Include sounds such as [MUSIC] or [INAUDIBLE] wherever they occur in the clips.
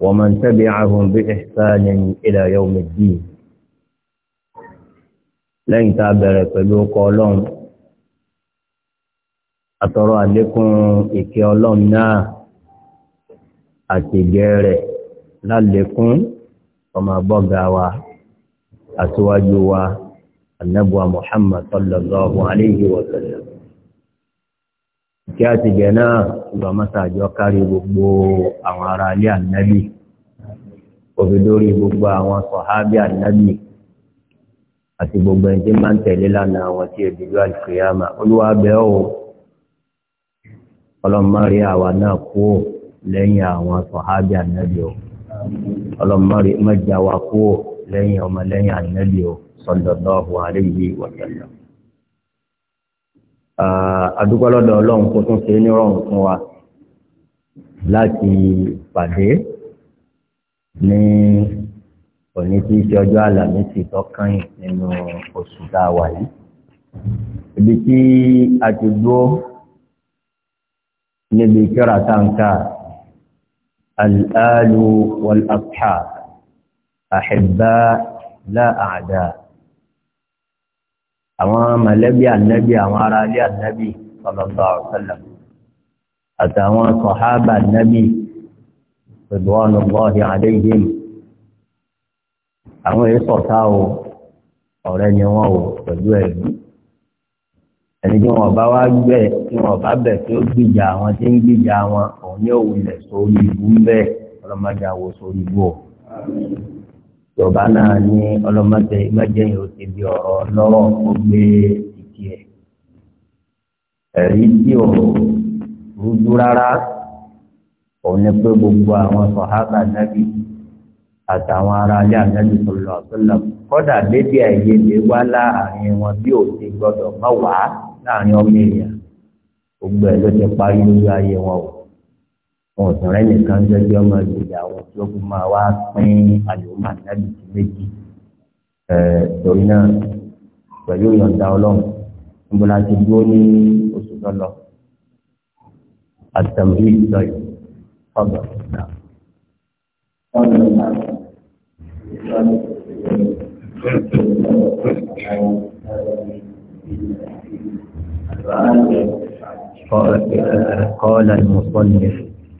ومن تبعهم بإحسان إلى يوم الدين لن تعبر pẹ̀lú قولهم àtọrọ àlékún ìkẹ́ ọlọ́run náà àtìgẹ́ rẹ̀ lálékún ọmọ àbọ́gà wa àtiwájú wa annabuwa muhammad sallallahu alaihi wasallam kí a ti jẹ náà ìgbà mọ́sàájọ́ kárí gbogbo àwọn ará ilé ànábì òfin lórí gbogbo àwọn sọ̀hábì ànábì àti gbogbo ẹni tí máa ń tẹ̀lé lánàá àwọn tí ìdíjọ́ àlùkìyàmà olúwa bẹ́ẹ̀ o ọlọ́mọ́rí àwa náà kú lẹ́yìn àwọn sọ̀hábì ànábì o ọlọ́mọ́rí mẹ́jà wa kú lẹ́yìn ọmọ ànábì o sallallahu alayhi wa sallam adúgbọ́lọ́dọ̀ ọlọ́run kó tún ṣe ní rọrùn fún wa láti pàdé ní òní tí í ṣe ọjọ́ àlàmísì tọ́kànyìn nínú oṣù tá yìí ibi tí a ti dúró níbi kíra táǹkà al-alu wal-ashab àwọn mọ̀lẹ́bí ànábì àwọn ará ilé ànábì sallallahu alaihi wasallam àtàwọn sọ̀hábà ànábì ridwanullahi alaihim àwọn èyí sọ̀tá o ọ̀rẹ́ ni wọ́n o pẹ̀lú ẹ̀rí ẹni tí wọn bá wá tí bá bẹ̀ tí ó gbìjà tí ń gbìjà wọn òun yorùbá náà ní ọlọ́mọdé ìgbàjẹ́yìn ó ti di ọ̀rọ̀ lọ́rọ̀ ó gbé ìdí ẹ̀ ẹ̀rí tí ò rújú rárá òun ni pé gbogbo àwọn sọ̀hábà nábì àtàwọn ará ilé ànábì sọlọ àtọlọ kódà bébí àìyedè wá láàrin wọn bí ò ti gbọ́dọ̀ má wàá láàrin ọmọ èèyàn gbogbo ẹ̀ ló ti parí lórí ayé wọn o wọn ò sọ̀rọ̀ ẹnìkan jẹ́jẹ́ ọmọ ìgbìyà àwọn tí ó fi máa wá pín àlùmọ́ ànábì sí méjì torí náà pẹ̀lú ìyọ̀ǹda ọlọ́run níbo la ti dúró ní oṣù tó lọ àtàwọn yìí sọ yìí ọ̀dọ̀ náà. قال المصنف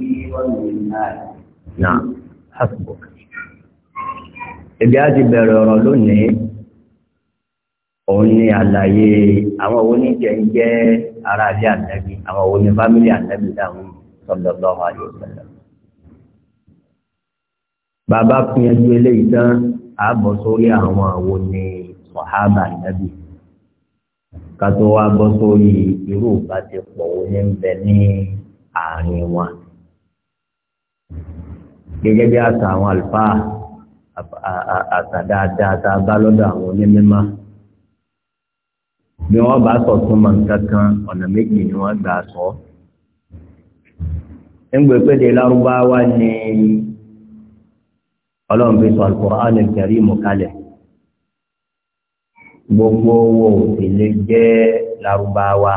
كثيرا للناس نعم حسبك ibi a ti bẹ̀rẹ̀ ọ̀rọ̀ lónìí òun ni àlàyé àwọn oníjẹ ń jẹ́ ara ilé ànábì àwọn oní fámílì ànábì dáhùn sallallahu alaihi wasallam bàbá fún ẹjú eléyìí tán àbọ̀ sórí àwọn àwo ni sọ̀hábà ànábì ká tó wá bọ́ sórí irú ìbátẹ̀pọ̀ oníbẹ̀ ní àárín wọn gẹ́gẹ́ bí àṣà àwọn àlùfáà àṣà dáadáa bá lọ́dọ̀ àwọn onímọ̀ bí wọ́n bá sọ tún mọ̀ nǹkan ọ̀nà méjì ni wọ́n gbà sọ. ńgbè péde lárúbáwá ni ọlọ́run fi sọ Al-Qur'an al-Karim kalẹ̀ gbogbo owó òtẹ̀lẹ̀ jẹ́ lárúbáwá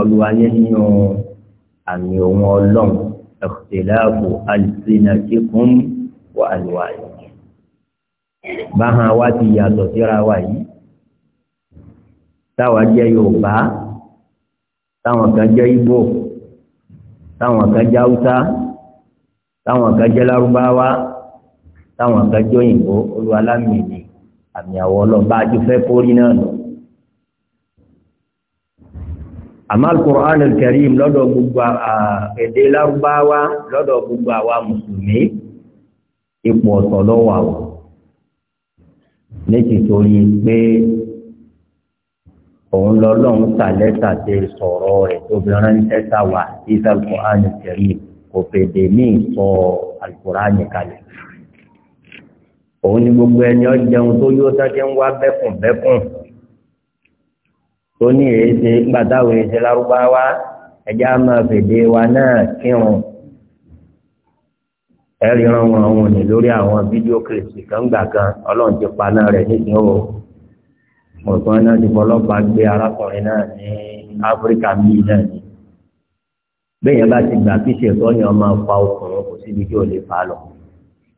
olùwà nínú àmì òun ọlọ́run ìkìtìláàbù alìsínàtìkún wà àlùwàlù. báhàn wa ti yàtọ̀ síra wa yìí táwa jẹ́ yorùbá táwọn kan jẹ́ ìgbò táwọn kan jẹ́ haúsá táwọn kan jẹ́ lárúbáwá táwọn kan jẹ́ òyìnbó olúwalámìnì àmì àwọ̀ ọlọ́ba àti fẹ́ náà lọ. àmá al-Qur'an al-Karim lọ́dọ̀ gbogbo èdè lárúbáwá lọ́dọ̀ gbogbo àwa mùsùlùmí ipò ọ̀tọ̀ lọ́wọ́ àwọ̀ létí torí pé òun lọ́lọ́run ta lẹ́tà tẹ sọ̀rọ̀ rẹ̀ tó fi ránṣẹ́ sáwà isa al kò fèdè míì sọ al kalẹ̀ òun ni gbogbo ẹni ọjẹun tó yóò sáté ń wá bẹ́kùn bẹ́kùn tó ní èéṣe gbàdáwò èéṣe lárúbáwá ẹjẹ á máa fèdè wa náà kírun ẹrí ran wọn àwọn òní lórí àwọn fídíò kìrìsì kan gbà kan ọlọ́run ti pa náà rẹ̀ nísìnyí o mọ̀tún náà ti fọlọ́pàá gbé arákùnrin náà ní áfíríkà míì náà ni bẹ́ẹ̀ bá ti gbà kí ṣètò ọ̀yàn máa fa ọkùnrin kò síbi tí ò lè fa lọ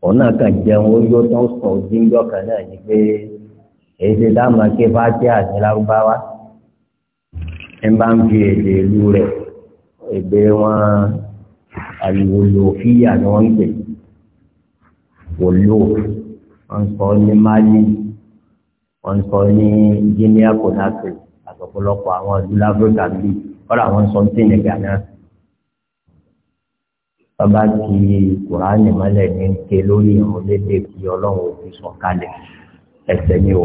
òun náà kàn jẹun ó yó tán sọ ojúńjọ kan náà ni pé èyí ti dá máa ké ní lárúbáwá ń bá ń fi èdè ìlú rẹ̀ èdè wọn àlùwòlòfíà ni wọ́n ń pè wòlò wọ́n sọ ní Mali wọ́n sọ ní Guinea Conakry àtọ̀pọ̀lọpọ̀ àwọn ìlú láfíríkà bíi kọ́lá wọ́n sọ ní Senegal náà bàbá ti kùránì mọ́lẹ̀ ní ké lórí ìrún lédè kí ọlọ́run òfin sọ̀kalẹ̀ ẹsẹ̀ ni o.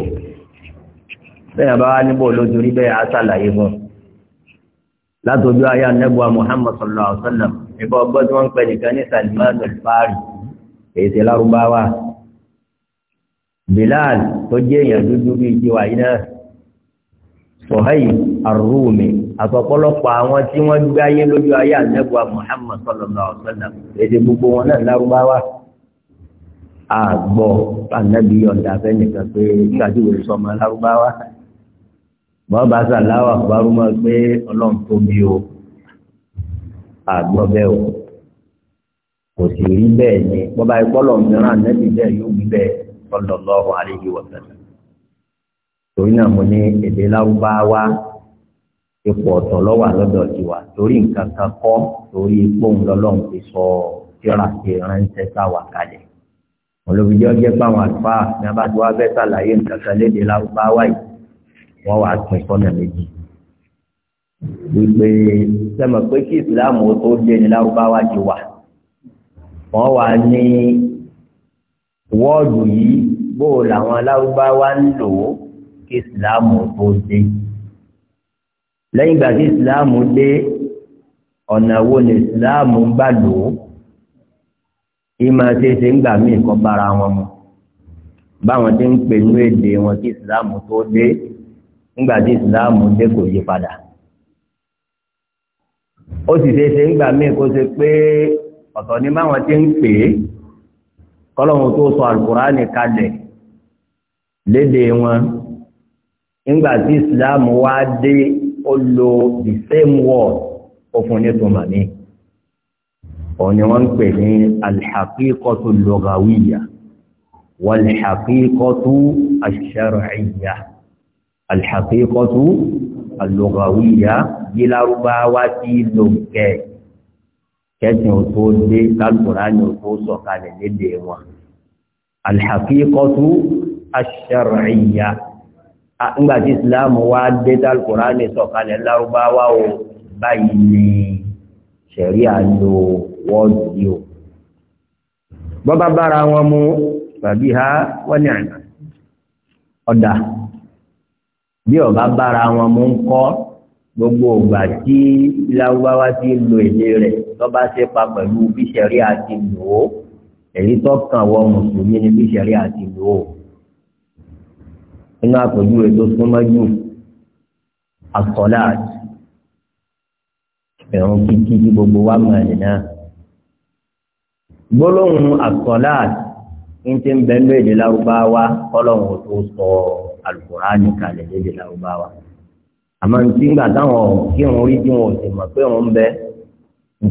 bẹ́ẹ̀ bá wá níbo lójú rí bẹ́ẹ̀ á ṣàlàyé fún un látọjú ayé anẹ́bùwa Muhammad sallallahu alaihi wa sallam ìbọn ọgbọ́n tí wọ́n ń pè nìkan ní Salman al-Fari èyí ti lárúbáwá Bilal tó jẹ́ èèyàn dúdú bíi tiwa yìí náà Suhaib àtọ̀pọ̀lọpọ̀ àwọn tí wọ́n gbé ayé lójú ayé anẹ́bùwa Muhammad sallallahu alaihi wa sallam èyí ti gbogbo wọn náà lárúbáwá àgbọ̀ anabi ọ̀dà fẹ́ nìkan pé nígbà tí wòlé sọ ọmọ lárúbáwá bọ́ọ̀bá sàláwà parúmọ́ pé ọlọ́run tóbi o àgbọ̀ bẹ́ẹ̀ o kò sì rí bẹ́ẹ̀ ni bọ́ọ̀bá ìpọ́lọ̀ mìíràn nẹ́bí bẹ́ẹ̀ yóò wí bẹ́ẹ̀ sallallahu alaihi wa sallam. torí náà mo ní èdè lárúbáwá ipò ọ̀tọ̀ lọ́wà lọ́dọ̀ tiwa torí nǹkan kan kọ́ torí ipòhùn lọ́lọ́run ti sọ tíra ti ránṣẹ́ sáwà kalẹ̀. olùbíjọ́ jẹ́ pàwọn àlùfáà ní abájọ́ abẹ́ sàlàyé nǹkan kan léde lárúbáwá yìí wọ́n wàá pín sọ́nà méjì wípé sẹ́mọ̀ pé kí ìsìláàmù tó dé ní lárúbáwá ti wà wọ́n wà ní wọ́ọ̀dù yìí bó làwọn lárúbáwá ń lò ó kí ìsìláàmù tó dé lẹ́yìn ìgbà tí ìsìláàmù dé ọ̀nà wo ni ìsìláàmù ń gbà lò ó ìmọ̀ ṣeéṣe ń gbà míì kan bára wọn mu báwọn ti ń pè ní èdè wọn kí ìsìláàmù tó dé ńgbà tí ìsìláàmù dé kò yí padà ó sì ṣe é ṣe ńgbà míì kó ṣe pé ọ̀tọ̀ ní báwọn ti ń pè é kọ́lọ́hún tó sọ àlùkùránì kalẹ̀ lédè wọn ńgbà tí ìsìláàmù wá dé ó lo the same word ó ní tuma mi òun ni wọ́n ń pè ní alḥaqiqatu lugawiyya walḥaqiqatu ash-shar'iyya alḥàkíkọ́tù alùgàwíyà bí lárúbáwá tí ló ń kẹ́ kẹ́sìn ò tó dé kálùkùránì ò tó sọ̀kalẹ̀ lédè wọn alḥàkíkọ́tù aṣ-ṣar'iyya ńgbà tí islam wá dé kálùkùránì sọ̀kalẹ̀ lárúbáwá o báyìí ni ṣẹ̀ríà lo wọ́ọ̀dù yìí o bọ́bá bára wọn mú tàbí ha wọ́n ní àná ọ̀dà bí ọba bára wọn mú ń kọ́ gbogbo ìgbà tí láwùbáwá ti lo èdè rẹ̀ lọ́ba ṣe pa pẹ̀lú bí sẹ̀rí àti lò ó èyí tó kàn wọ mùsùlùmí ni bí sẹ̀rí àti lò ó. inú àpèjúwe tó súnmọ́ jù àkọ́láàt ẹ̀rùn kíkí tí gbogbo wa mọ̀ ẹ̀ náà. gbólóhùn àkọ́láàt ń ti ń bẹ́ẹ̀ lóde láwùbáwá kọ́lọ́hùn tó sọ ọ́ alukurani kalẹ̀ lédè lárúbáwá àmọ́ ní tìǹgbà táwọn kí wọn rí bí wọn ò sì mọ̀ pé wọn ń bẹ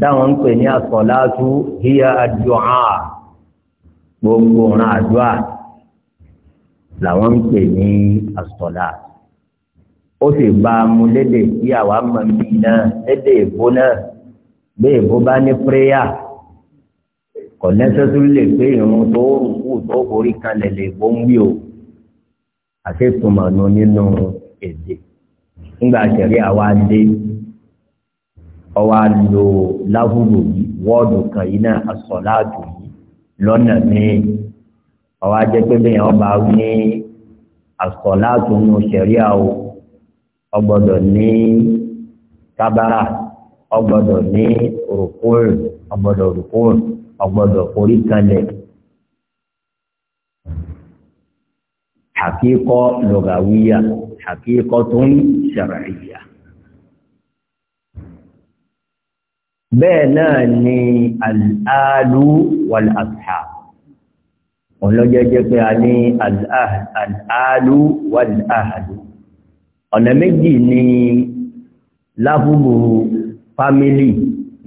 táwọn ń pè ní asọ̀láṣú híyà àdúrà gbogbo ọ̀ràn àdúrà làwọn ń pè ní asọ̀lá ó sì bá a mú lédè sí àwa mọ̀ náà lédè èbó náà bí èbó bá ní pírẹ́yà kò nẹ́sẹ̀sìrì lè pé ìrun tó rùkú tó forí kan lè lè bó ń wí o àṣetùmọ̀nù nínú èdè nígbà àṣẹrí àwa dé ọwa lo láwùrò yìí wọ́ọ̀dù kan yìí náà àsọ̀láàtù yìí lọ́nà míì ọwa jẹ́ pé bẹ́ẹ̀ ọba ní àsọ̀láàtù nù ṣẹ̀rí àwọ̀ ọgbọ́dọ̀ ní kábàrà ọgbọ́dọ̀ ní òrùkúrù ọgbọ́dọ̀ òrùkúrù ọgbọ́dọ̀ orí kanlẹ̀ hakíkọ́ lọ́gàwíyà hakíkọ́ tó ń ṣàràyà. bẹ́ẹ̀ náà ni al'adu wal'asha ọlọ́jẹ́jẹ́ pé a ní al'adu wal'ahadu ọ̀nà méjì ni láfúgbù fámílì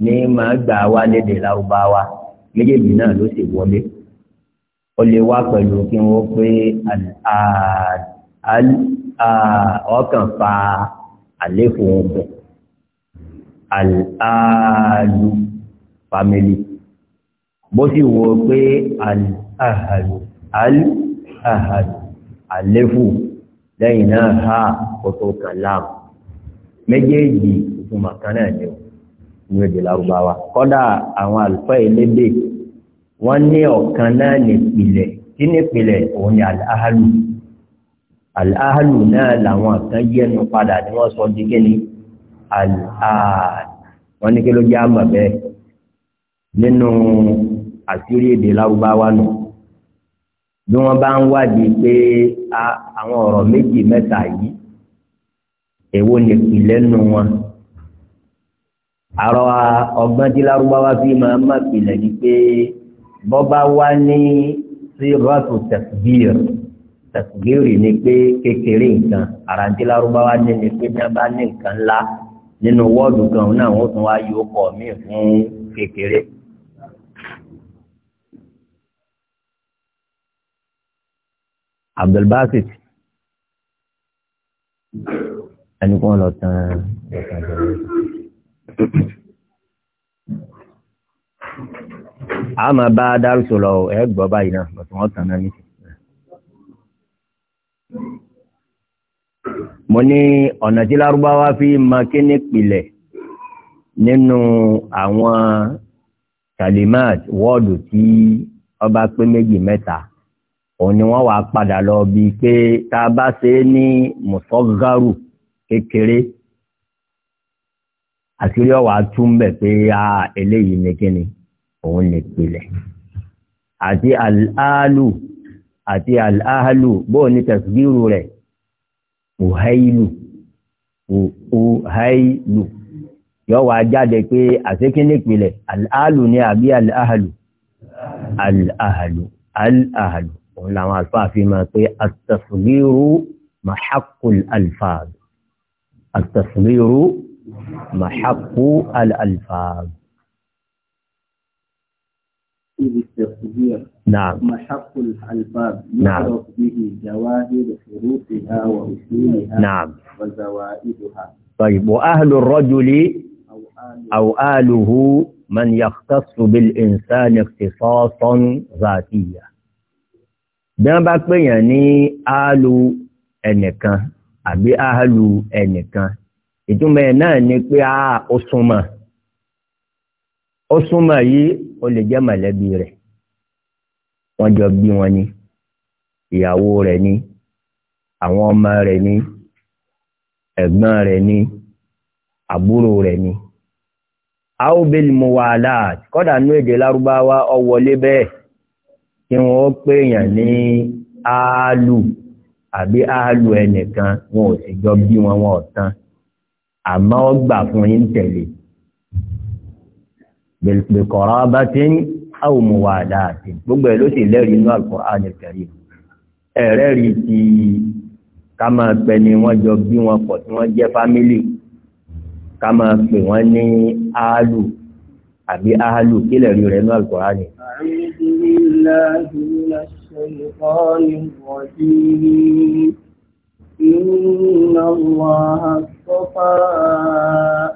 ní ma gbà wá lédè lárúbáwá méjèèjì náà ló sì wọlé ó lè wá pẹ̀lú kí wọ́n pé ọkàn fa àléfò wọn pẹ̀ family bó sì wọ pé àlù àléfò lẹ́yìn náà ha kòtò kan láàmù méjèèjì ìtumọ̀ kan náà ni ó ní èdè lárúbáwá kọ́dà àwọn àlùfáà elédè wọ́n ní ọ̀kan náà nípìlẹ̀ kí nípìlẹ̀ òun ni aláhàlù aláhàlù náà làwọn kan yẹnu padà tí wọ́n sọ di kíni aláhàlù wọ́n ní kí ló jẹ́ àmọ̀ bẹ́ẹ̀ nínú àṣírí èdè láwùbáwá nù bí wọ́n bá ń wádìí pé àwọn ọ̀rọ̀ méjì mẹ́ta yìí èwo nípìlẹ̀ nù wọn àrọ ọgbọ́n tí lárúbáwá fi máa má pìlẹ̀ ni pé bọ́bá wá ní sírọ́tù tẹ̀síbíìr tẹ̀síbíìr ni pé kékeré nǹkan àràǹtí lárúbáwá ní ni pé ní a bá ní nǹkan ńlá nínú wọ́ọ̀dù kan náà wọ́n tún wá yóò kọ̀ míì fún kékeré. abdulbasit ẹni kọ́ lọ tán lọ tán jẹ́ a máa bá dárúsọ lọ ẹ gbọ́ báyìí náà bàtà wọ́n tàn náà ní. mo ní ọ̀nà tí lárúbáwá fi máa kí ní pilẹ̀ nínú àwọn kalimat wọ́ọ̀dù tí ọba pé méjì mẹ́ta òun ni wọ́n wá padà lọ bíi pé tá bá ṣe ní mùsọ́gárù kékeré àṣírí ọ̀wà tún bẹ̀ pé a ah, eléyìí ni òun lè pilẹ̀ àti àlù àti àlù bóò ní tẹ̀sígírù rẹ̀ òhàìlù òhàìlù yóò wá jáde pé àṣekínní pilẹ̀ àlù ní àbí àlù àlù àlù òun làwọn àlùfáà fi máa pé àtẹ̀sígírù mahakul alfaaz àtẹ̀sígírù ترتيب التقدير نعم محق الألفاظ يعرف به جواهر حروفها وأصولها نعم وزوائدها طيب وأهل الرجل أو, آله من يختص بالإنسان اختصاصا ذاتيا dán bá pèèyàn ní áàlù ẹnìkan àbí áàlù ẹnìkan ìtumọ̀ ẹ̀ náà ni pé a ó súnmọ́ ó súnmọ́ yìí ó lè jẹ́ mọ̀lẹ́bí rẹ̀ wọ́n jọ bí wọn ni ìyàwó rẹ̀ ni àwọn ọmọ rẹ̀ ni ẹ̀gbọ́n rẹ̀ ni àbúrò rẹ̀ ni aobeli muwalat kọ́dà nú èdè lárúbáwá ọwọlé bẹ́ẹ̀ kí wọ́n pè èèyàn ní áálù àbí áálù ẹnìkan wọn ò sì jọ bí wọn wọn ọ̀tán àmọ́ ó fún yín tẹ̀lé bẹ̀kọ̀rábátín àwòmùwàdáàtín gbogbo ẹ̀ ló sì lẹ́rìí inú Al-Qur'an Al-Karim ẹ̀rẹ́ rí ti ká máa pẹ ni wọ́n jọ bí wọn pọ̀ tí wọ́n jẹ́ fámílì ká máa pè wọ́n ní áálù àbí áálù kí lẹ́rìí rẹ̀ inú Al-Qur'an إن الله اصطفى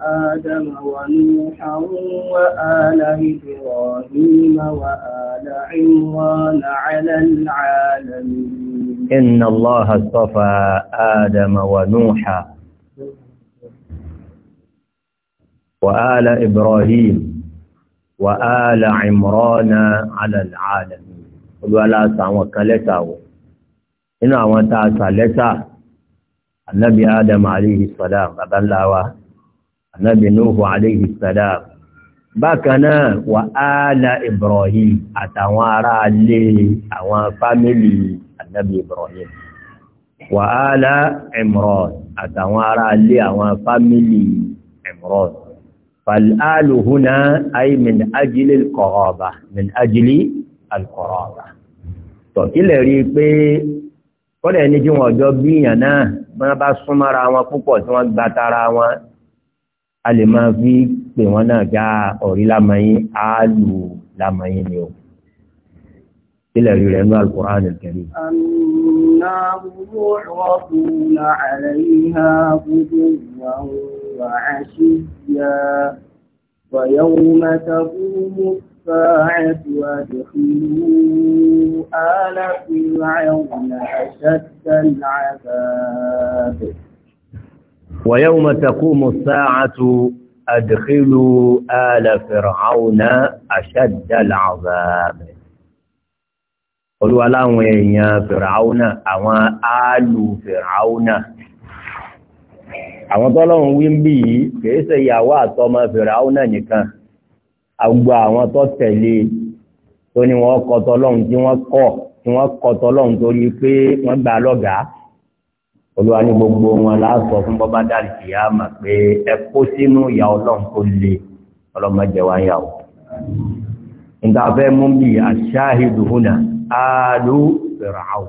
آدم ونوحا وآل إبراهيم وآل عمران على العالمين إن الله اصطفى آدم ونوحا وآل إبراهيم وآل عمران على العالمين قلوا لا سعوى كالتا nínú anábì adam alayhi salam bàbá ńlá wa anábì nuhu alayhi salam bákan náà wà áàlà ibrahim àtàwọn ará alé àwọn fámìlì anábì ibrahim wà áàlà imran àtàwọn ará alé àwọn fámìlì imran فالآل هنا أي من أجل القرابة من أجل القرابة tó kí lè rí i pé kọ́lẹ̀ ní kí wọ́n jọ bíyàn náà bí wọ́n bá súnmọ́ra wọn púpọ̀ tí wọ́n gba tara wọn a lè máa fi pè wọ́n náà já ọ̀rí lámàyín áàlù lámàyín ni o ilẹ̀ rí rẹ̀ ní Al-Qur'an al-Karim. Àmì الساعة وادخلوا آل فرعون أشد العذاب ويوم تقوم الساعة أدخلوا آل فرعون أشد العذاب Olúwa láwọn èèyàn fìràúnà àwọn áàlù fìràúnà àwọn tọ́lọ́run wí ń bí yìí kìí ṣe ìyàwó àtọmọ fìràúnà nìkan àgbà àwọn tó tẹ̀lé tó ní wọ́n kọ́ tọ́lọ́hún tí wọ́n kọ́ tí wọ́n kọ́ tọ́lọ́hún torí pé wọ́n gbà lọ́gàá olúwa ní gbogbo wọn láàsọ fún bọ́bá dàrí kìá mà pé ẹ kó sínú ìyá ọlọ́run tó le ọlọ́mọdé wa yà ó. níta fẹ́ mú bí aṣáhìdù hùnà áàlú fìràwọ̀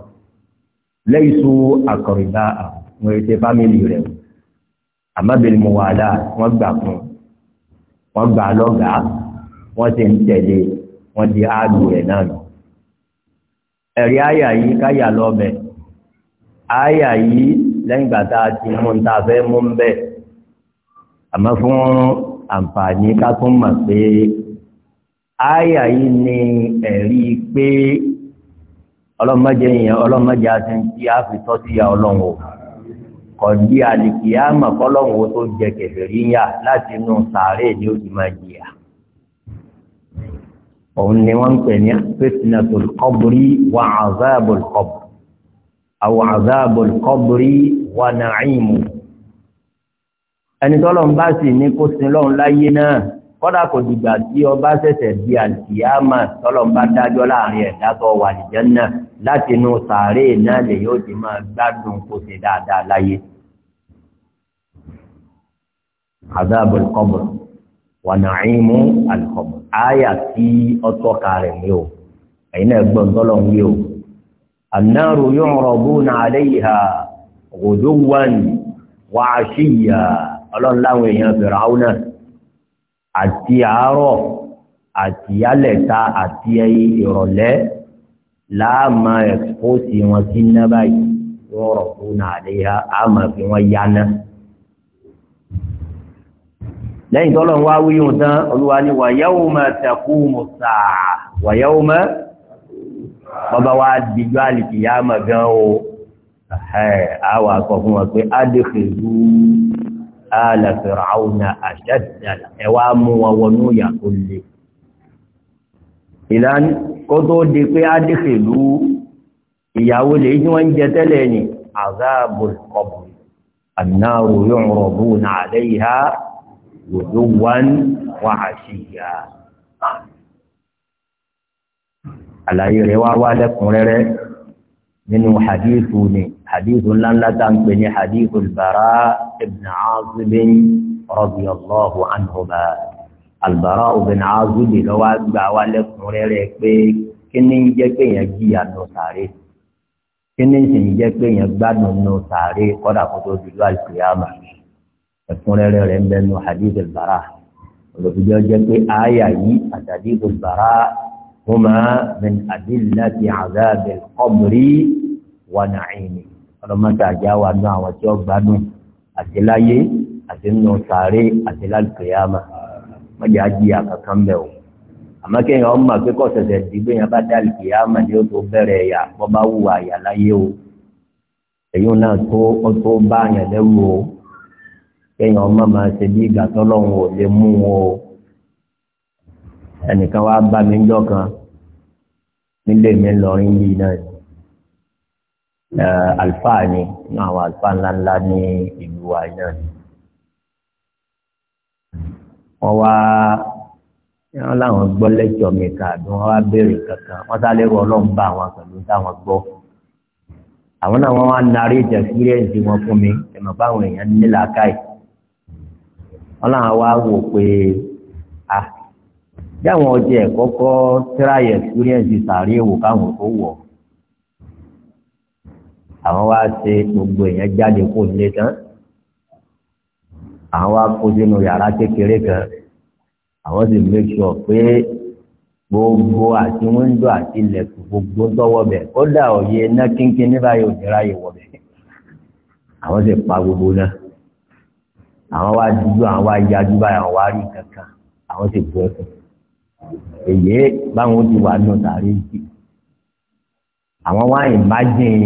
lẹ́yìísú àkọ̀rìbá àwọn ètè fámìlì rẹ̀ àmọ́bìnrin mọ̀wálà wọ́n gbà fún wọ́n gbà lọ́gàá wọ́n sì ń tẹ̀lé wọ́n di áàlù rẹ̀ náà nù. ẹ̀rí àyà yìí káyà lọ́bẹ̀ àyà yìí lẹ́yìn ìgbà tá a ti mú ta fẹ́ mú ń bẹ̀ àmọ́ fún àǹfààní ká tún mọ̀ pé àyà yìí ni ẹ̀rí pé ọlọ́mọdé yẹn ọlọ́mọdé àti tí a fi tọ́ sí ya ọlọ́run o kọ̀ọ̀dí àlìkìyàmọ̀ kọ́lọ́run o tó jẹ kẹfẹ́ rí láti inú sàárè ni ó ti máa jìyà òun ni wọ́n ń pè ní fitnatul qabri wa azabul qabri aw azabul qabri wa na'imu ẹni tọ́lọ̀ ń bá sì ní kó sin lọ́run láyé náà kọ́dà kò dìgbà tí ọba ṣẹ̀ṣẹ̀ di àlùkìyàmà tọ́lọ̀ ń bá dájọ́ láàrin ẹ̀dá tó wà ní Jánnà láti inú sàárè náà lè yóò ti máa gbádùn kó ṣe dáadáa láyé azabul qabri wànàìmú alùpùpù àyà tí ọtọ́ka rẹ̀ ní o ẹ̀yin náà gbọ́n tọ́lọ̀ ń wí o annaru yu'raduna 'alayha ghuduwwan wa 'ashiyya ọlọ́run láwọn èèyàn Fìràúnà àti àárọ̀ àti yálẹ̀ta àti ìrọ̀lẹ́ láàmà ẹ̀kọ́sì wọn sí náà báyìí yu'raduna 'alayha àmà fi wọn yá náà lẹ́yìn tó lọ́n wá wíyùn tán olúwa ní wa yawma taqumu saa wa yawma bàbá wa dìjọ́ àlìkìyàmà gan o àwọn akọ̀ fún wọn pé adkhilu ala fir'auna ashadda ẹ wá mú wọn wọnú ní wọ́n wòdó wán wà á sí ìyá. àlàyé rẹ̀ wá wá lẹ́kùnrẹ́rẹ́ nínú hadithu ni hadithu ńláńlá tá à ń pè ní hadithu albara ibn azibin radiyallahu anhuma albara ibn azibin lọ́wọ́ gbà wá lẹ́kùnrẹ́rẹ́ pé kí ni ń jẹ́ kéèyàn jìyà nù sáré kíní sì ń jẹ́ pé èèyàn gbádùn nù sàárè kọ́dà kó tó dùdú àìsíyàmà ẹ̀kúnrẹ́rẹ́ rẹ̀ ń bẹnu hadith al-bara olùfijọ́ jẹ́ pé àyà yìí àtàdé al-bara huma min adillati azab al-qabri wa na'imi ọlọ́mọta àjà wà nù àwọn tí ó gbádùn àti láyé àti nù sàárè àti lálùkìyàmà mọ̀jà jìyà kankan bẹ̀ o àmọ́ kéèyàn ọmọ akẹ́kọ̀ọ́ sẹ̀sẹ̀ dìgbé yẹn bá dá lùkìyàmà ni ó tó bẹ̀rẹ̀ ẹ̀yà bọ́ bá wù àyà láyé o èyí náà tó ó tó bá àyàn lẹ́rù o kéèyàn ọmọ máa ṣe bí ìgbà tọ́lọ́hún ò lè mú wọn o ẹnìkan wá bá mi jọ kan nílé mi lọrin yìí náà ẹ àlùfáà ni inú àwọn àlùfáà ńláńlá ní ìlú wa náà wọ́n wá wọ́n láwọn gbọ́ lẹ́jọ́ mi káàdùn wọ́n wá béèrè kankan wọ́n sá lérò ọlọ́run bá àwọn pẹ̀lú táwọn gbọ́ àwọn náà wọ́n wá narí ìtẹ̀síríẹ̀ǹsì wọn fún mi ẹ̀mọ̀ báwọn èèyàn nílàákàyè ọlọ́run wa wò pé a bí àwọn ọjà ẹ̀kọ́kọ́ try experience sàárè wò káwọn tó wọ̀ àwọn wa ṣe gbogbo èèyàn jáde kó lé tán àwọn wa kó sínú yàrá kékeré kan àwọn sì make sure pé gbogbo àti wíńdò àti ilẹ̀kùn gbogbo ń tọwọ́ bẹ̀ kódà òye iná kínkín ní báyìí òjìráyè wọ̀ bẹ̀ àwọn sì pa gbogbo náà àwọn wá dúdú àwọn wá yájú báyìí àwọn wá rí kankan àwọn ti bu ẹkùn èyí báwọn ti wà nù tàrí ìdí àwọn wá ìmájìn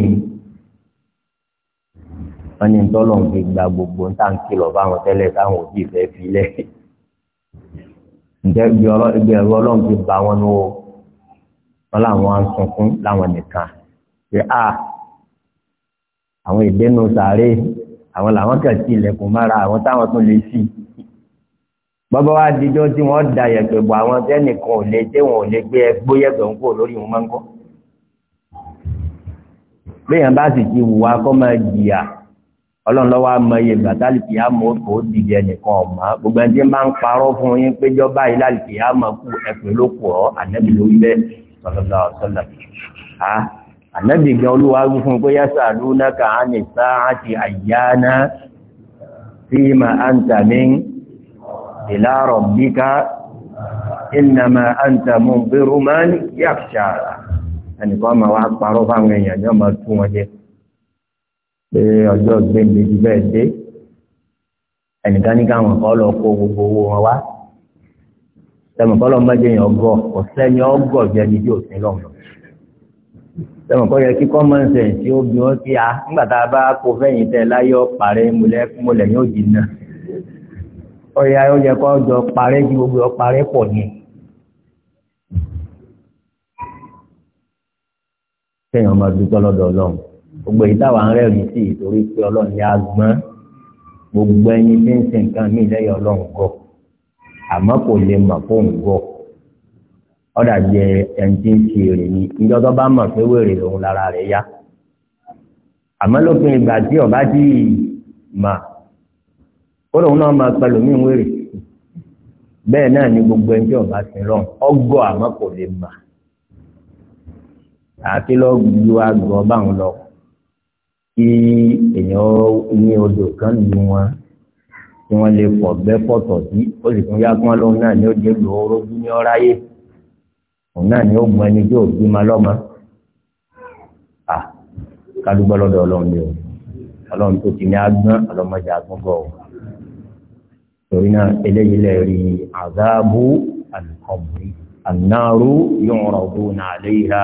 wọn ní tọ́lọ̀ ń fi gba gbogbo ń tàǹkì lọ báwọn tẹ́lẹ̀ táwọn òbí fẹ́ fi lẹ̀ ǹjẹ́ ibi ẹ̀rọ ọlọ́run ti ba wọn lọ́wọ́ wọn làwọn á sunkún láwọn nìkan ṣe à ah, àwọn ìdẹ́nu sàárè àwọn làwọn kàn sí ilẹ̀kùn mára àwọn táwọn tún lè sí bàbá wa dijọ́ tí wọ́n da yẹ̀pẹ̀ bọ̀ àwọn tẹ́nìkan ò lè tẹ́ ò lè gbé ẹgbó yẹ̀pẹ̀ ń kó lórí wọn máa béèyàn bá sì ti wùwá kọ́ máa jìyà ọlọ́run lọ́wọ́ amọye gbàtàlìkì àmọ́ kò dìde ẹnìkan ọ̀mọ́ gbogbo ẹni tí máa ń parọ́ fún yín péjọ báyìí lálìkì àmọ́ kú ẹ̀pẹ̀ ló kù ọ́ ànẹ́bí sọlọ́lọ́ sọlọ́ ànábì gan olúwa wí fún pé yásà lónàkà á ní sáàtì àyáná tí ma ń tàmí ila rabbika innama anta munziru man yakhshaha ẹnìkan ma wá parọ́ fáwọn èèyàn ní ọmọ tún wọn jẹ pé ọjọ́ gbẹ̀ǹdẹ̀ jù bẹ́ẹ̀ dé ẹnìkan ní káwọn kan lọ kó gbogbo jẹ́ ní sẹ́wọ̀n kọ́ yẹ kí common sense tí ó bí wọ́n ti a nígbà tá a bá kó fẹ́yìn tẹ láyọ̀ parẹ́ mọlẹ̀ yóò jìnnà ọ̀yà ó yẹ kọ́ jọ parẹ́ ju gbogbo ọparẹ́ pọ̀ ni. kéèyàn máa dúpẹ́ lọ́dọ̀ ọlọ́run gbogbo èyí ń rẹ́rìí sí ìtorí pé ọlọ́run ni a gbọ́n gbogbo ẹni tí ń sin nǹkan mí ọ̀dà jẹ ẹni tí ń ṣe èrè ni ìjọ tó bá mọ̀ pé wèrè òun lára rẹ̀ yá àmọ́ lópin ìgbà tí ọba tí mà kódà òun náà máa pẹ̀lú mí wèrè bẹ́ẹ̀ náà ni gbogbo ẹni tí ọba ti rán ọgọ́ àmọ́ kò lè mà àti lọ ju àgọ́ báwọn lọ kí èèyàn ní odò kan lu wọn tí wọ́n lè fọ̀ bẹ́ fọ̀tọ̀ sí ó sì tún yá kí wọ́n lóun náà ní ó dé lòóró bí ní ọ́ òun náà ni ó mọ ẹni tí ò bí ma lọ́mọ à kádúgbọ́ lọ́dọ̀ ọlọ́run ni o ọlọ́run tó ti ní agbọ́n ọlọ́mọdé agbọ́ngọ̀ o torí náà eléyìí lè rí àzáàbù àlùkọ́bùrì ànáàrú yu'raduna 'alayha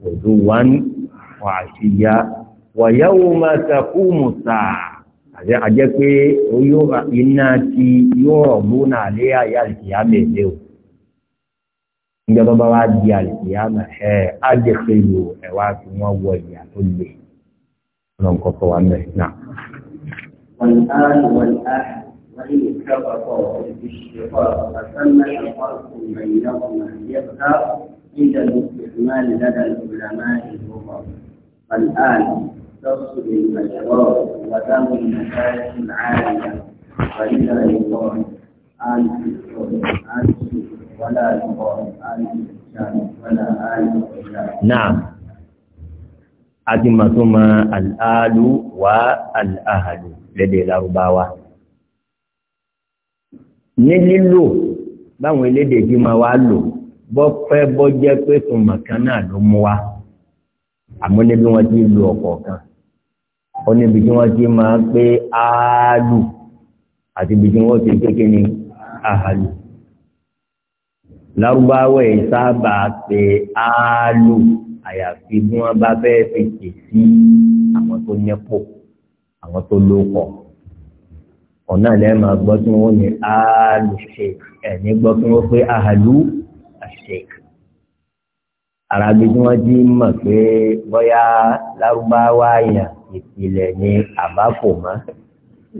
ghuduwan wa 'ashiyya wa yawma taqumu as-sa'a àjẹ́ pé iná ti yu'raduna 'alayha yàrá ìyá mẹ́lẹ́ o. ìjọ tó bá wá di àlìkìyàmà ẹ àdìsílù ẹ wá tí wọn wọ ìyà tó le ọlọ́run kọ sọ wa mẹ náà. والآن والآن وإن اتفقوا في الشقاق فثم الفرق بينهما يبقى عند الاستعمال لدى العلماء الكبار والآن تفصل المشروع ودم المشارك العالية وإلى الله آل في الصدر آل في náà a ti mọ̀ tó mọ al'adu wa al'ahadu lédè lárúbáwá ní lílò báwọn elédè tí ma wá lò bọ́ pẹ́ bọ́ jẹ́ pé fún mọ̀kan náà ló mú wa àmọ́ níbi wọ́n ti lo ọ̀kọ̀ọ̀kan ó níbi tí wọ́n ti máa pé áàlù àti ibi tí wọ́n ti kékeré ní àhàlù lárúbáwọ̀ yìí sábà pé áálù àyàfi bí wọ́n bá fẹ́ fi tì sí àwọn tó nẹ́pò àwọn tó lóko ọ̀nà lẹ́ẹ̀ma gbọ́ tí wọ́n ní áálù sheik ẹ̀ní gbọ́ tí wọ́n pé áálù sheik arabi tí wọ́n jí mọ̀ pé bóyá lárúbáwá yàn ìpìlẹ̀ ní àbákò mọ́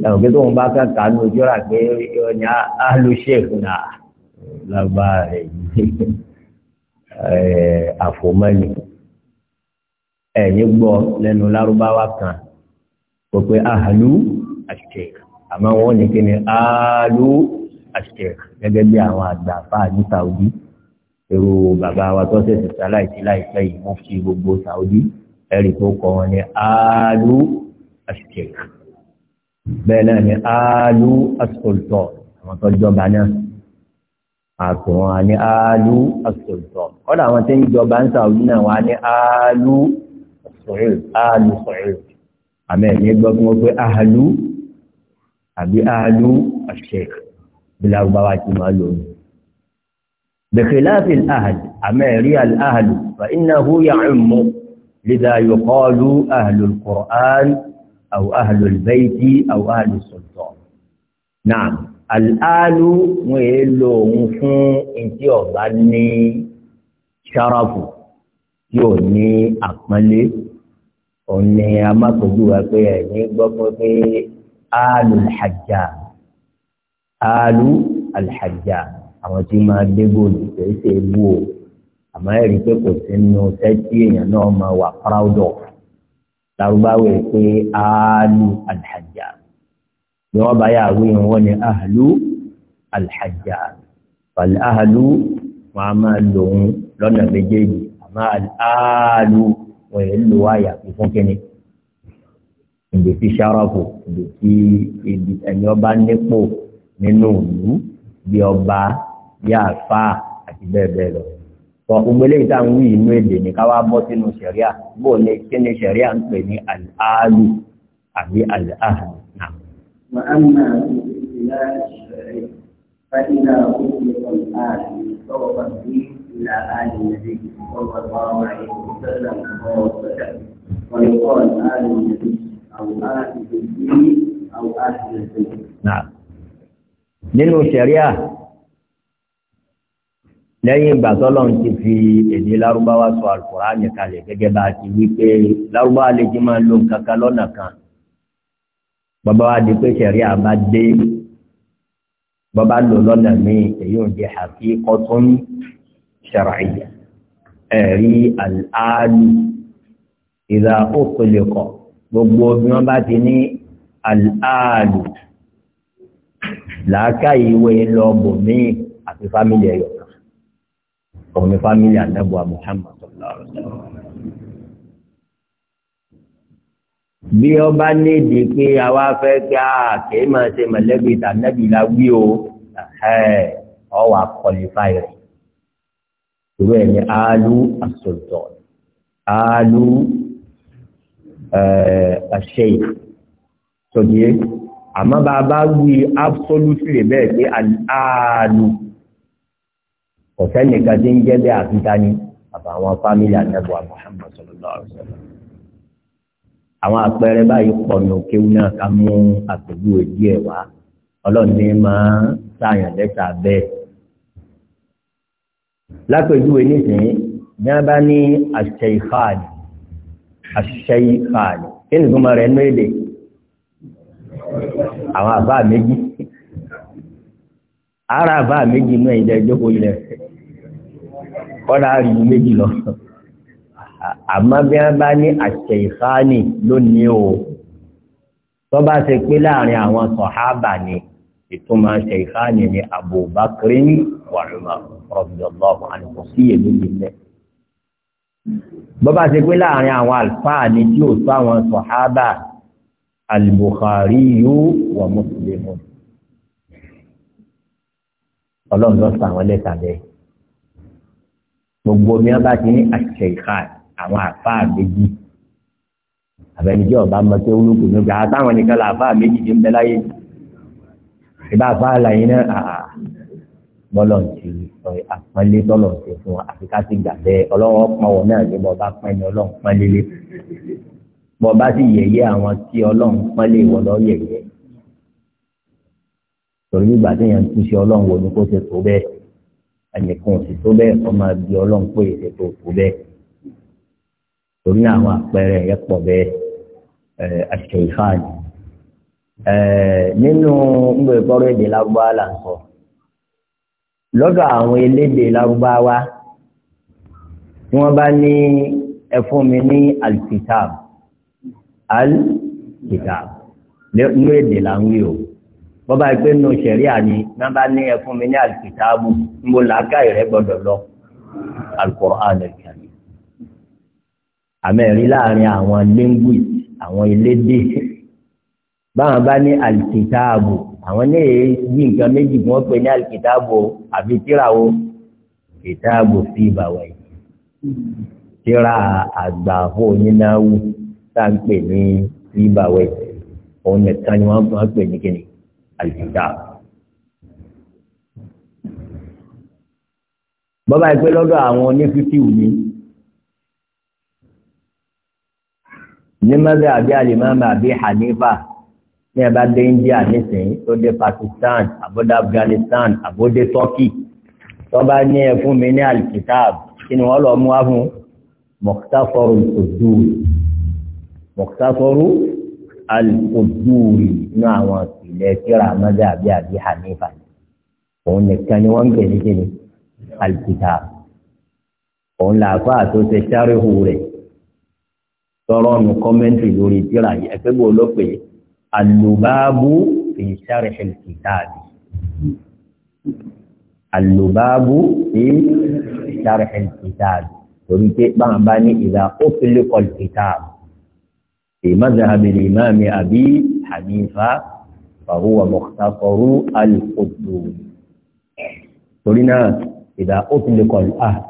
lẹ́yìn pé tóun bá kàkà ní ojú rà pé ó ní áálù sheik náà lágbára rẹ̀ yìí eh, àfòmọ́ni ẹ̀yìn gbọ́ lẹ́nu lárúbáwá kan kò pé àhàlú àṣìṣe àmọ́ wọ́n ní kí ni àhàlú àṣìṣe gẹ́gẹ́ bí àwọn àgbà fáà ní Saudi èrò bàbá wa tó ṣẹ̀ṣẹ̀ ṣaláìsí láìpẹ́ yìí wọ́n fi gbogbo Saudi ẹ̀rì tó kọ́ wọn ní àhàlú àṣìṣe bẹ́ẹ̀ náà ni àhàlú àṣìṣe àwọn tó jọba náà àtùwọn a ní áálú àsòrìtọ̀ kọ́dà àwọn tí ń jọba ń sàwùjú náà wọ́n a ní áálú sọ̀rìl áálú sọ̀rìl àmì ẹ̀mí gbọ́ kí wọ́n pé áálú àbí áálú àṣẹk bí lárúbáwá ti máa lò ní. bẹ̀kẹ̀láfì áhàlù àmì ẹ̀rí àlálù wọn èé lo òun fún ìdí ọba ní ṣárafu tí ò ní àpọ́nlé òní amákojú wa pé ẹ̀yìn gbọ́ pé pé áàlù alhajjá áàlù alhajjá àwọn tí máa dégò ní kìí ṣe bú o àmọ́ ẹ̀rí pé kò sí nínú sẹ́tí èèyàn náà máa wà proud lárúbáwò pé áàlù alhajjá ni wọ́n bá yà wí wọ́n ni ahàlú alhajjá ahàlú wọn a máa lò ń lọ́nà méjèèjì àmọ́ ahàlú wọn yẹn lò wáyà fífún kínní ìdè tí sáràfò ìdè tí ìdè ẹni ọba nípò nínú ìlú bí ọba bí àfa àti bẹ́ẹ̀ bẹ́ẹ̀ lọ. sọ gbogbo eléyìí tá à ń wí inú èdè ní ká wá bọ́ sínú sẹ̀ríà bó ní kí ni sẹ̀ríà ń pè ní àlù àbí àlù وأما في الاصطلاح الشرعي فإذا أطلق الآل سوف به إلى آل النبي صلى الله عليه وسلم وهو ويقال آل النبي أو آل النبي أو آل النبي نعم nínú sẹ̀ríà lẹ́yìn ìgbà tọ́lọ́n ti fi èdè lárúbáwá sọ àlùkùránì kalẹ̀ gẹ́gẹ́ bá a ti wí pé lárúbáwá lè jí máa lo nǹkan kan lọ́nà kan bọ́bá wa di pé sẹ̀rí àbá dé bọ́bá lò lọ́nà míì èyí ò di haqiqatun shar'iyyah ẹ̀rí àlù ìdá òkèlèkọ̀ gbogbo bí wọ́n bá ti ní àlù làákà ìwé lọ bòmíì àti fámìlì ẹ̀yọ̀ òun ni fámìlì àdàbọ̀ Muhammad sallallahu alaihi wasallam. bí ọba nídìí pé àwa fẹ́ kí a kì í máa ṣe mọ̀lẹ́bí tàbí la wí o ọ wà kọlifáì rẹ̀ ìwé ẹ̀ ní alu as alu eh, as-sheikh sọdíé àmọ́ bá a bá wí absolutely bẹ́ẹ̀ pé alu ọ̀sẹ́ nìkan ti ń jẹ́ bẹ́ẹ̀ àfitá ni àbàwọn fámìlì àdàbọ̀ Muhammad sallallahu alaihi wasallam àwọn àpẹẹrẹ báyìí pọ̀ ní òkèwú náà ká mú àpèjú èdí ẹ̀ wá ọlọ́run ní máa sáàyàn lẹ́sà bẹ́ẹ̀. lápèjúwe nísìnyí ní a bá ní àṣẹ ìfààlì àṣẹ ìfààlì kí ni gbọmọ rẹ̀ nú èdè àwọn àbá méjì ara àbá méjì náà ìdẹ́jọ́ kò lẹ̀ kọ́dà rí méjì lọ àmọ́ bí wọ́n bá ní àṣẹ ìfáàní lónìí o tó bá ṣe pé láàrin àwọn sọ̀hábà ni ìtumọ̀ àṣẹ ìfáàní ni Abubakar ní wàhùnmá radiyallahu anhu sí èlú nílẹ̀ bó bá ṣe pé láàrin àwọn àlùfáà ni tí ò tó àwọn sọ̀hábà al yóò wà mùsùlùmí ọlọ́run lọ́sàn àwọn lẹ́tà gbogbo mi bá ti ní àṣẹ ìfáàní àwọn àfáà méjì àbẹnijẹ́ ọba mọ́tẹ́ olóko ní ọjà àtàwọn nìkan là àfáà méjì ti ń bẹ láyé ìbá àfáà làyín náà àà bọ́lọ̀ ti àpọ́nlé tọ́lọ̀ ti fún wa àfi ká ti gbà bẹ́ẹ̀ ọlọ́wọ́ pọ́nwọ́ náà ní bọ́ bá pẹ́ ní ọlọ́run pọ́nlélé bọ́ àwọn tí ọlọ́run pọ́nlé ìwọ lọ torí nígbà tí èèyàn tún ṣe ọlọ́run wo ni kó ṣe tó bẹ́ẹ̀ ẹnìkan ò sì tó bẹ́ẹ̀ ọmọ bíi ọlọ́run pé èsè tó tó torí àwọn àpẹẹrẹ yẹn pọ̀ bẹ́ẹ̀ àṣìṣe eh, ìfáàní. Eh, nínú ngbè kọ́rọ́ èdè lárúbáwá là ń sọ lọ́dọ̀ àwọn elédè lárúbáwá tí wọ́n bá ní ẹ fún mi ní alkitab alkitab nínú èdè là ń wí o bọ́bá ẹgbẹ́ nù sẹ̀ríà ni wọ́n bá ní ẹ mi ní alkitabu ń bo làákàyè rẹ gbọ́dọ̀ lọ alukọ̀rọ̀ àdàkàní àmẹ́rí láàrin àwọn linguist àwọn elédè báwọn bá ní alikitaabu àwọn ní èyí bí nǹkan méjì kí wọ́n pè ní alikitaabu àbí tírawo kitaabu sí ìbàwọ̀ yìí tíra àgbàfo onínáwó tá à ń pè ní sí ìbàwọ̀ yìí òun nìkan ni wọ́n pè ní kíni alikitaabu. bọ́bá ìpè lọ́dọ̀ àwọn onífífíwù ni. ní mẹ́fẹ́ àbí alimami àbí hanifa ní ẹ bá dé india nísìnyí tó dé pakistan àbódé afghanistan àbódé turkey tó bá ní ẹ fún mi ní alikitab kí ni wọ́n lọ mú wá fún mọ̀kítàfọ́rù òdúrì mọ̀kítàfọ́rù òdúrì ní àwọn ìpìlẹ̀ tíra mẹ́fẹ́ àbí àbí hanifa òun nìkan ni wọ́n ń gbèdéke ní alikitab òun làáfà tó ṣe sáréhù rẹ̀ tọrọ nu kọ́mẹ́ntì lórí tíra yìí ẹgbẹ́ bò ló pé alùbáàbù fi sharh al-kitab alùbáàbù fi sharh al-kitab torí pé báwọn bá ní ìlà utliqa al-kitab fi madhhab al-imam Abi Hanifa fa huwa mukhtasar torí náà ìlà utliqa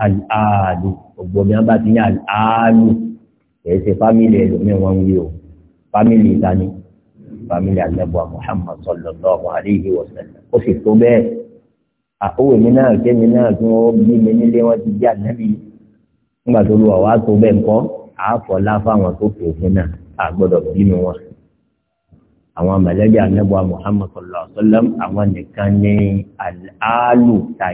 al-ahlu gbogbo bí bá ti ní al kìí ṣe fámìlì ẹlòmíì wọn wí o fámìlì ìdání fámìlì alẹ́bùa Muhammad sallallahu alayhi wa sallam ó sì tó bẹ́ẹ̀ àkówè mi náà kémi náà tí wọ́n bí mi nílé wọn ti jẹ́ ànábì nígbà tó lu ọ̀wá tó bẹ́ẹ̀ ńkọ́ àáfọ̀lá fáwọn tó fi òfin náà àgbọ̀dọ̀ bínú wọn àwọn mẹlẹ́bí anẹ́bùa Muhammad sallallahu àwọn nìkan ní aláàlù ta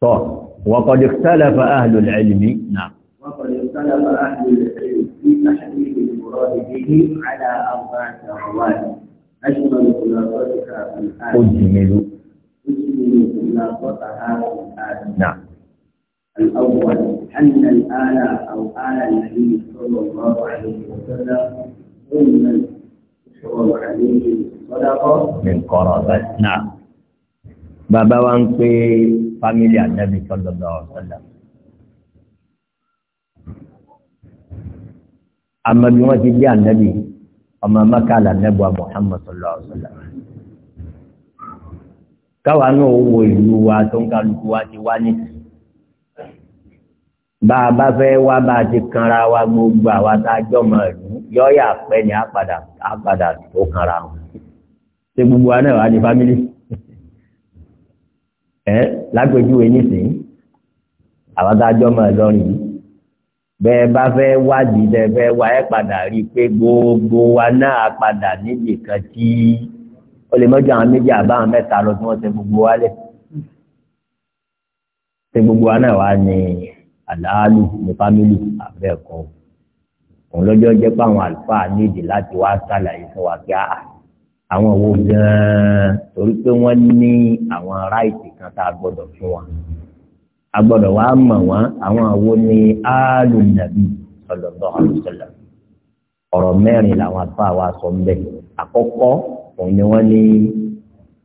طه طيب. وقد اختلف أهل العلم نعم وقد اختلف أهل العلم في تحريف المراد به على أربعة أقوال أشمل خلاصتها في الآن أجمل أجمل خلاصتها في الآن نعم الأول أن الآلة أو آل النبي صلى الله عليه وسلم هم يحرم عليه الصدقة من قرابة نعم بابا وانقي fámílì ànábì sallallahu alaihi wasallam. àmọ́ bí wọ́n ti gbé ànábì ọmọ mẹ́kàlá ànábì wa Muhammad sallallahu alaihi wasallam. káwa náà wo ìlú wa tó ń kálukú wa ti wá ní. bá a bá fẹ́ wá bá a ti kanra wa gbogbo àwa tá a jọ mọ̀ ìlú yọ́ọ́yà pẹ́ ni a padà tó kanra wọn. ṣé gbogbo wa náà wà ní fámílì ẹ lágbèjúwe nísìnyí àwọn adájọ́ máa lọ́rùn yìí bẹ́ẹ̀ bá fẹ́ wádìí bẹ́ẹ̀ fẹ́ wá ẹ padà rí i pé gbogbo wa náà padà níbi kan tí ó lè mọ́jú àwọn méjì àbáwọn mẹ́ta lọ tí wọ́n ṣe gbogbo wa lẹ̀ ṣe gbogbo wa náà wá ní àlàálù ní fámìlì àbẹ́ẹ̀kọ́ òun lọ́jọ́ jẹ́ pé àwọn àlùfáà nídìí láti wá sàlàyé fún wa kí á ah, àwọn wo gan-an torí pé wọ́n ní àwọn ráìtì kan tá a gbọ́dọ̀ fún wa a gbọ́dọ̀ wá mọ̀ wọ́n àwọn wo ni áàlù nàbí sallallahu alaihi wasallam ọ̀rọ̀ mẹ́rin làwọn afọ àwa sọ ń bẹ̀ àkọ́kọ́ òun ni wọ́n ní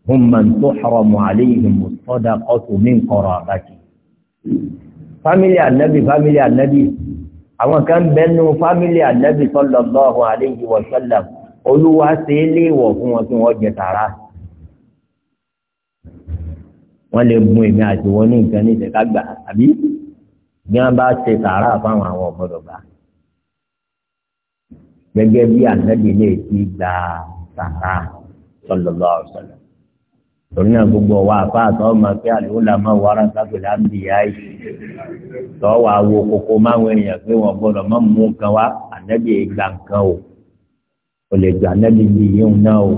humman tuhramu alayhim sadaqatu min qarabati fámílì ànábì fámílì ànábì àwọn kan bẹ́nu fámílì ànábì sallallahu alaihi wasallam olúwa ṣe é léèwọ̀ fún wọn kí wọ́n jẹ tààrà wọ́n lè gun èmi àti wọn ní nǹkan ní ìṣẹ̀kágbà àbí bí wọ́n bá ṣe tààrà fáwọn àwọn ọ̀gbọ́dọ̀ gbà gẹ́gẹ́ bí ànábì lè ti gba tààrà sallallahu alaihi wasallam torí náà gbogbo ọwọ́ àfa àtọ́ ọmọ pé àlùwọ́lá máa wára sábẹ̀lá ń bì yá yìí tọ́ wàá wo kókó máwọn èèyàn pé wọ́n gbọ́dọ̀ má mú nǹkan wá ànábì ìgbà nǹkan o o lè gbà nẹ́bí bí yíyún náà o.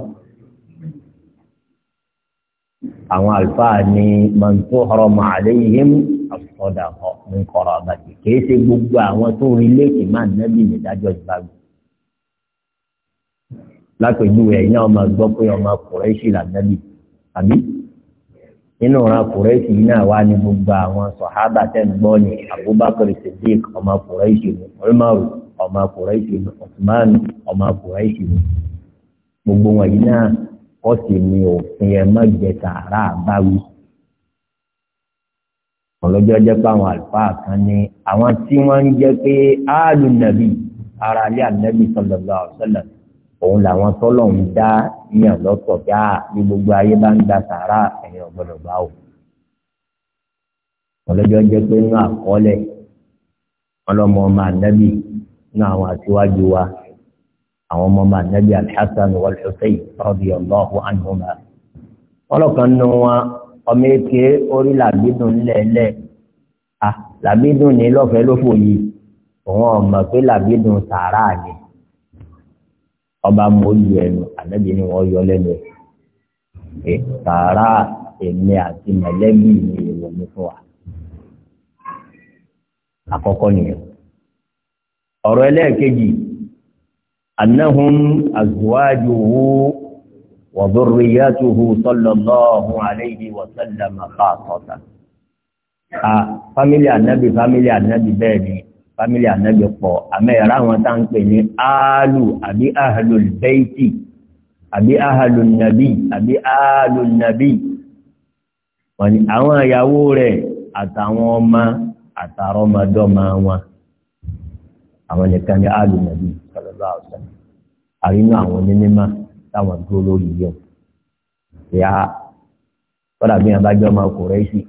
àwọn àlùfáà ní mọ̀tò ọ̀rọ̀ màálẹ́yìn àfọ̀dà ń kọ̀rọ̀ àbàtì kìí ṣe gbogbo àwọn tó rí léèkì máa nẹ́bí nìdájọ́ ìbáwí. lápèjúwe ẹ̀yin náà máa gbọ́ pé ọmọ kùrẹ́ṣì lànàbì àbí nínú ọ̀ràn kùrẹ́ṣì yìí náà wá ní gbogbo àwọn sọ̀hábà tẹ̀ ń gbọ́ ní Abubakar Siddiq ọmọ kùrẹ́ṣì ní ọmọ Quraishi ni Usman ọmọ Quraishi ni gbogbo wọn yìí náà kọ́sì ni òfin ẹ má jẹ tààrà báwí. ọlọ́jọ́ jẹ́ pé àlùfáà kan ní àwọn tí wọ́n ń jẹ́ pé áàlù nàbì ara ilé ànábì sallallahu alaihi wasallam òun làwọn tọ́lọ̀ ń dá yàn lọ́tọ̀ bí a ní gbogbo ayé bá ń da tààrà ẹ̀yìn ọ̀gbọ́dọ̀ bá o. ọlọ́jọ́ jẹ́ pé inú àkọọ́lẹ̀ ọlọ́mọ ọmọ ànábì ní àwọn àtiwájú wa àwọn ọmọ máa nẹ́bí alḥasan wal-Husayn radiyallahu anhuma. ọlọ́kan nù wọn ọmọ èké orí làbídùn lẹ́lẹ́ à làbídùn ní lọ́fẹ̀ẹ́ lófò yìí òun ọmọ pé làbídùn sàárà ni ọba mọ́lù ẹnu ànábì ni wọ́n yọ lẹ́nu ẹ̀ sàárà èmi àti mọ̀lẹ́bí mi ìwọ̀n mi fún wa. àkọ́kọ́ nìyẹn ọ̀rọ̀ ẹlẹ́ẹ̀kejì annahum azwajuhu wa dhurriyyatuhu sallallahu alayhi wa sallam khassatan a fámílì ànábì fámílì ànábì bẹ́ẹ̀ ni fámílì ànábì pọ̀ àmẹ́ẹ̀rá àwọn tá ń pè ní áàlù àbí ahlul bayti àbí ahlun nabi àbí ahlun nabi wọ́n ni àwọn ìyàwó rẹ̀ àtàwọn ọmọ àtàrọmọdọ́mọ wọn àwọn nìkan ní áàlù nàbí sọlọ́lá ọ̀sán àrínú àwọn onímọ̀ táwọn dúró lórí yẹn ìyá kọ́dà bí wọn bá jọ máa Kùráìṣì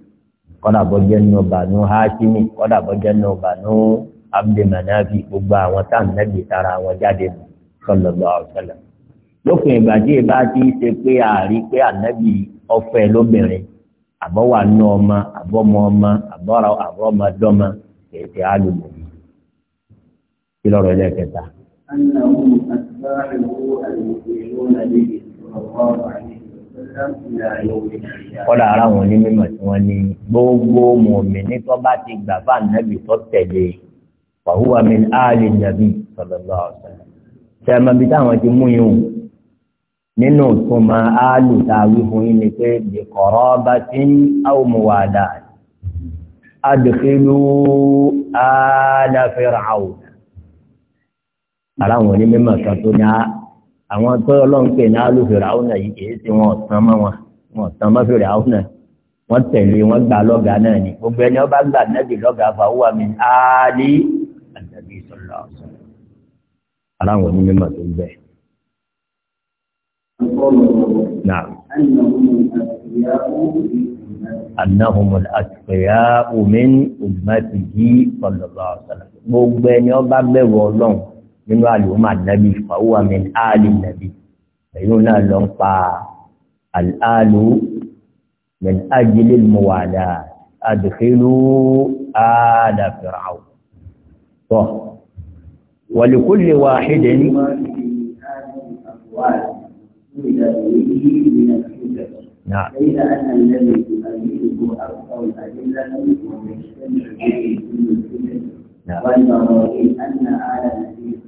kọ́dà bọ́jẹ́ nù bànú háṣímì kọ́dà bọ́jẹ́ nù bànú abdulmanabi gbogbo àwọn táwọn nàbì tara àwọn jáde nù sọlọ́lá ọ̀sán lópin ìgbà tí ẹ bá ti ṣe pé àárí pé ànábì ọfẹ lóbìnrin àbọ̀wà nù ọmọ àbọ̀mọ ọmọ àbọ̀rọ̀ àbọ̀mọdọ́mọ kèété àlùmọ̀ kí lọ́rọ̀ ẹlẹ́ẹ̀kẹta. kọ́dà ara wọn ní mímọ̀ tí wọ́n ní gbogbo mùmíní tó bá ti gbà fún ànábì tó tẹ̀lé wàhùwà min áàlì nàbí sallallahu alaihi wasallam. sẹ́ẹ̀mọ́ bí táwọn ti mú yín o nínú ìtumọ̀ áàlù tá a wí fún yín ni pé bi qarabatin aw muwada adkhilu ala fir'aun aláwọn onímọ̀ kan tó ní àwọn tó ọlọ́run pè ní alúfèrè àwọn yìí kìí ṣe wọn ọ̀tán mọ́ wọn wọn ọ̀tán mọ́ fèrè àwọn náà wọn tẹ̀lé wọn gbà lọ́gà náà ni gbogbo ẹni ọba gbà nẹ́bì lọ́gà fàwọ́ mi áálí àdàbí sọ̀rọ̀ ọ̀sán aláwọn onímọ̀ tó bẹ̀. أنهم الأتقياء من أمته صلى الله عليه وسلم gbogbo ẹni ọba bẹ̀rù ọlọ́run nínú àlùmọ́ ànábì fàwọ́ min àlì nàbì èyí náà lọ ń pa àlù min ájílẹ̀ mọ̀wàdà adkhilu ala fir'aun tọ́ wa li kulli wahidin نعم ليس أن الذي تؤيده أو الأدلة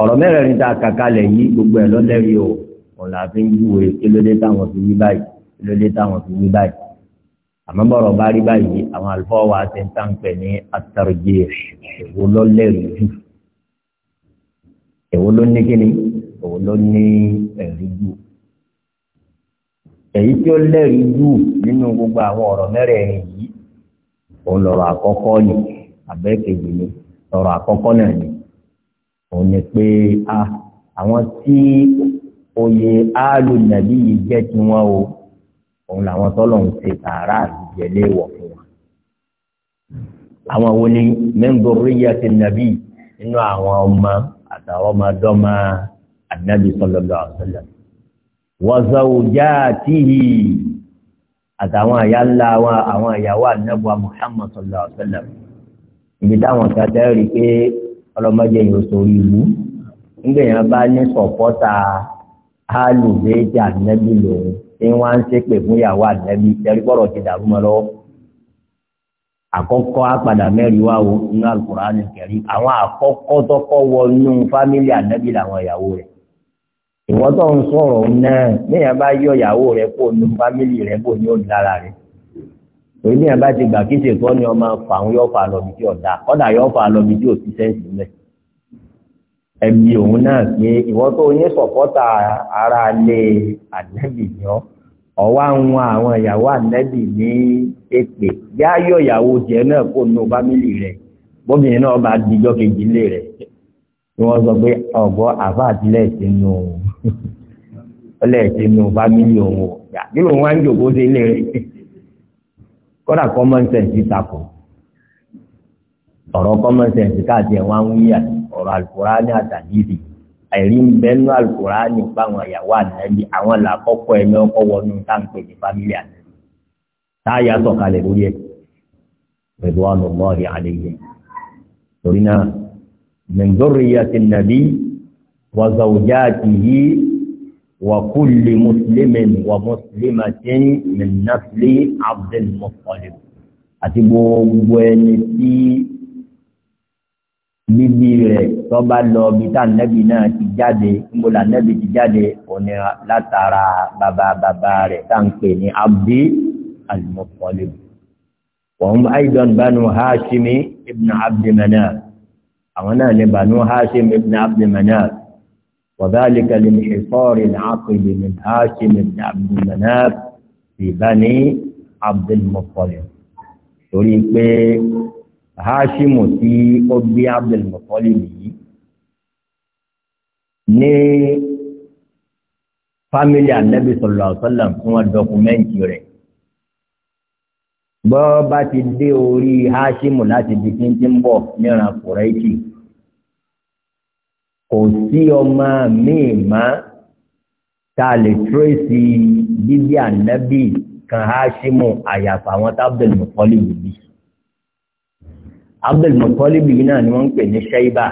ọ̀rọ̀ mẹ́rẹ̀ẹ̀rin tá a kàkalẹ̀ yìí gbogbo ẹ̀ lọ́lẹ́rìí o ọ̀là fi ń júwe kí ló dé táwọn fi wí báyìí kí ló dé táwọn fi wí báyìí àmọ́ bọ̀rọ̀ bá rí báyìí àwọn àlùfáà wa ti ń tà ń ní atarjé èwo lọ́lẹ́rìí jù èwo ló ní kíni èwo ló ní ẹ̀rí jù èyí tí ó lẹ́rìí jù nínú gbogbo àwọn ọ̀rọ̀ mẹ́rẹ̀ẹ̀rin yìí òun lọ̀rọ̀ àkọ́kọ́ ni àbẹ́kejì ni lọ̀rọ̀ àkọ́kọ́ ni òun ni pé a àwọn tí oyè áàlù nàbí yìí jẹ́ tí wọ́n o òun làwọn tọ́lọ̀ ń ṣe tààrà àtijọ́lé wọ̀ fún wọn. àwọn wo ni mẹ́ngòríyà ti nàbí nínú àwọn ọmọ àtàwọn ọmọdọ́mọ ànábì sallallahu alaihi wasallam. wa zawjatihi àtàwọn àyà ńlá àwọn àyàwó ànábùwà Muhammad sallallahu alaihi ibi táwọn kan tẹ́ rí pé ọlọ́mọdé yìí ó sórí ìlú nígbà yẹn bá ní sọ̀pọ́tà alùbẹ́ẹ̀dì ànẹ́bí lòun tí wọ́n á ń ṣépè fún ìyàwó ànẹ́bí tẹ̀rí bọ́rọ̀ ti dàrú mọ́ lọ́wọ́. àkọ́kọ́ apàdà mẹ́rin wá o inú Al-Qur'ani Karim àwọn àkọ́kọ́ tọ́kọ́ wọ inú fámílì ànẹ́bí làwọn ìyàwó rẹ̀. ìwọ́n tó ń sọ̀rọ̀ náà níyàn bá yọ ìyàwó rẹ̀ kó inú fámílì rẹ̀ bò ní òdìlára rẹ̀ torí bí yẹn bá ti gbà kí ṣètò ọ́ ni ọmọ fà ń yọ́ fà lọ́bi tí ọ̀dà kọ́dà yọ́ fà lọ́bi tí ò sí sẹ́ǹsì mẹ́. ẹbí òun náà pé ìwọ́n tó ní sọ̀pọ́tà ara lé ànẹ́bì yàn ọ̀wá ń wọn àwọn ìyàwó ànẹ́bì ní èpè bí a yọ ìyàwó jẹ náà kó nù fámìlì rẹ̀ bóbìnrin náà bá dijọ́ kejì lé rẹ̀ ni wọ́n sọ pé ọ̀gbọ́ àfa àtìlẹ̀ sínú ọlẹ́ẹ̀sínú fámìlì kódà common sense takò ọ̀rọ̀ common sense káàtì ẹ̀wọ̀n ń wí ọ̀rọ̀ alukurani àtàdìrì àìrí ń bẹ nú alukurani fáwọn àyàwó ànábi àwọn làkọ́kọ́ ẹ̀mí ọkọ wọnú táǹpé ní fámílì ànábi táyà sọ̀kalẹ̀ lórí ẹ̀ pẹ̀lú ọ̀nà mọ́ọ̀rì àlejò torí náà min dhurriyyati an-nabi wa zawjatihi. وكل مسلم ومسلمة من نسل عبد المطلب àti gbogbo ẹni tí bíbí rẹ̀ tó bá lọ bí tá nẹ́bí náà ti jáde níbo là nẹ́bí ti jáde òní látara bàbá bàbá rẹ̀ tá ń pè ní abdi al-Muttalib wọ́n aidan banu hashimi ibn abdi manaf àwọn náà ní banu hashimi ibn abdi manaf وذلك لانحصار العقل من هاشم بن عبد المناف في بني عبد المطلب torí pé Hashimu tí ó bí Abdul Muttalib yìí ní fámílì Ànábì sallallahu alaihi wasallam fún wọn dọkumẹ́ǹtì rẹ̀ bọ́ bá ti dé orí Hashimu láti di tí ń bọ̀ níran Kùrẹ́ìkì kò sí ọmọ míì mọ́ tá a lè tírèsì bíbí ànábì kan Háṣímù àyàfà àwọn tá Abdul Muttalib bí Abdul Muttalib yìí náà ni wọ́n ń pè ní Ṣẹ́ibà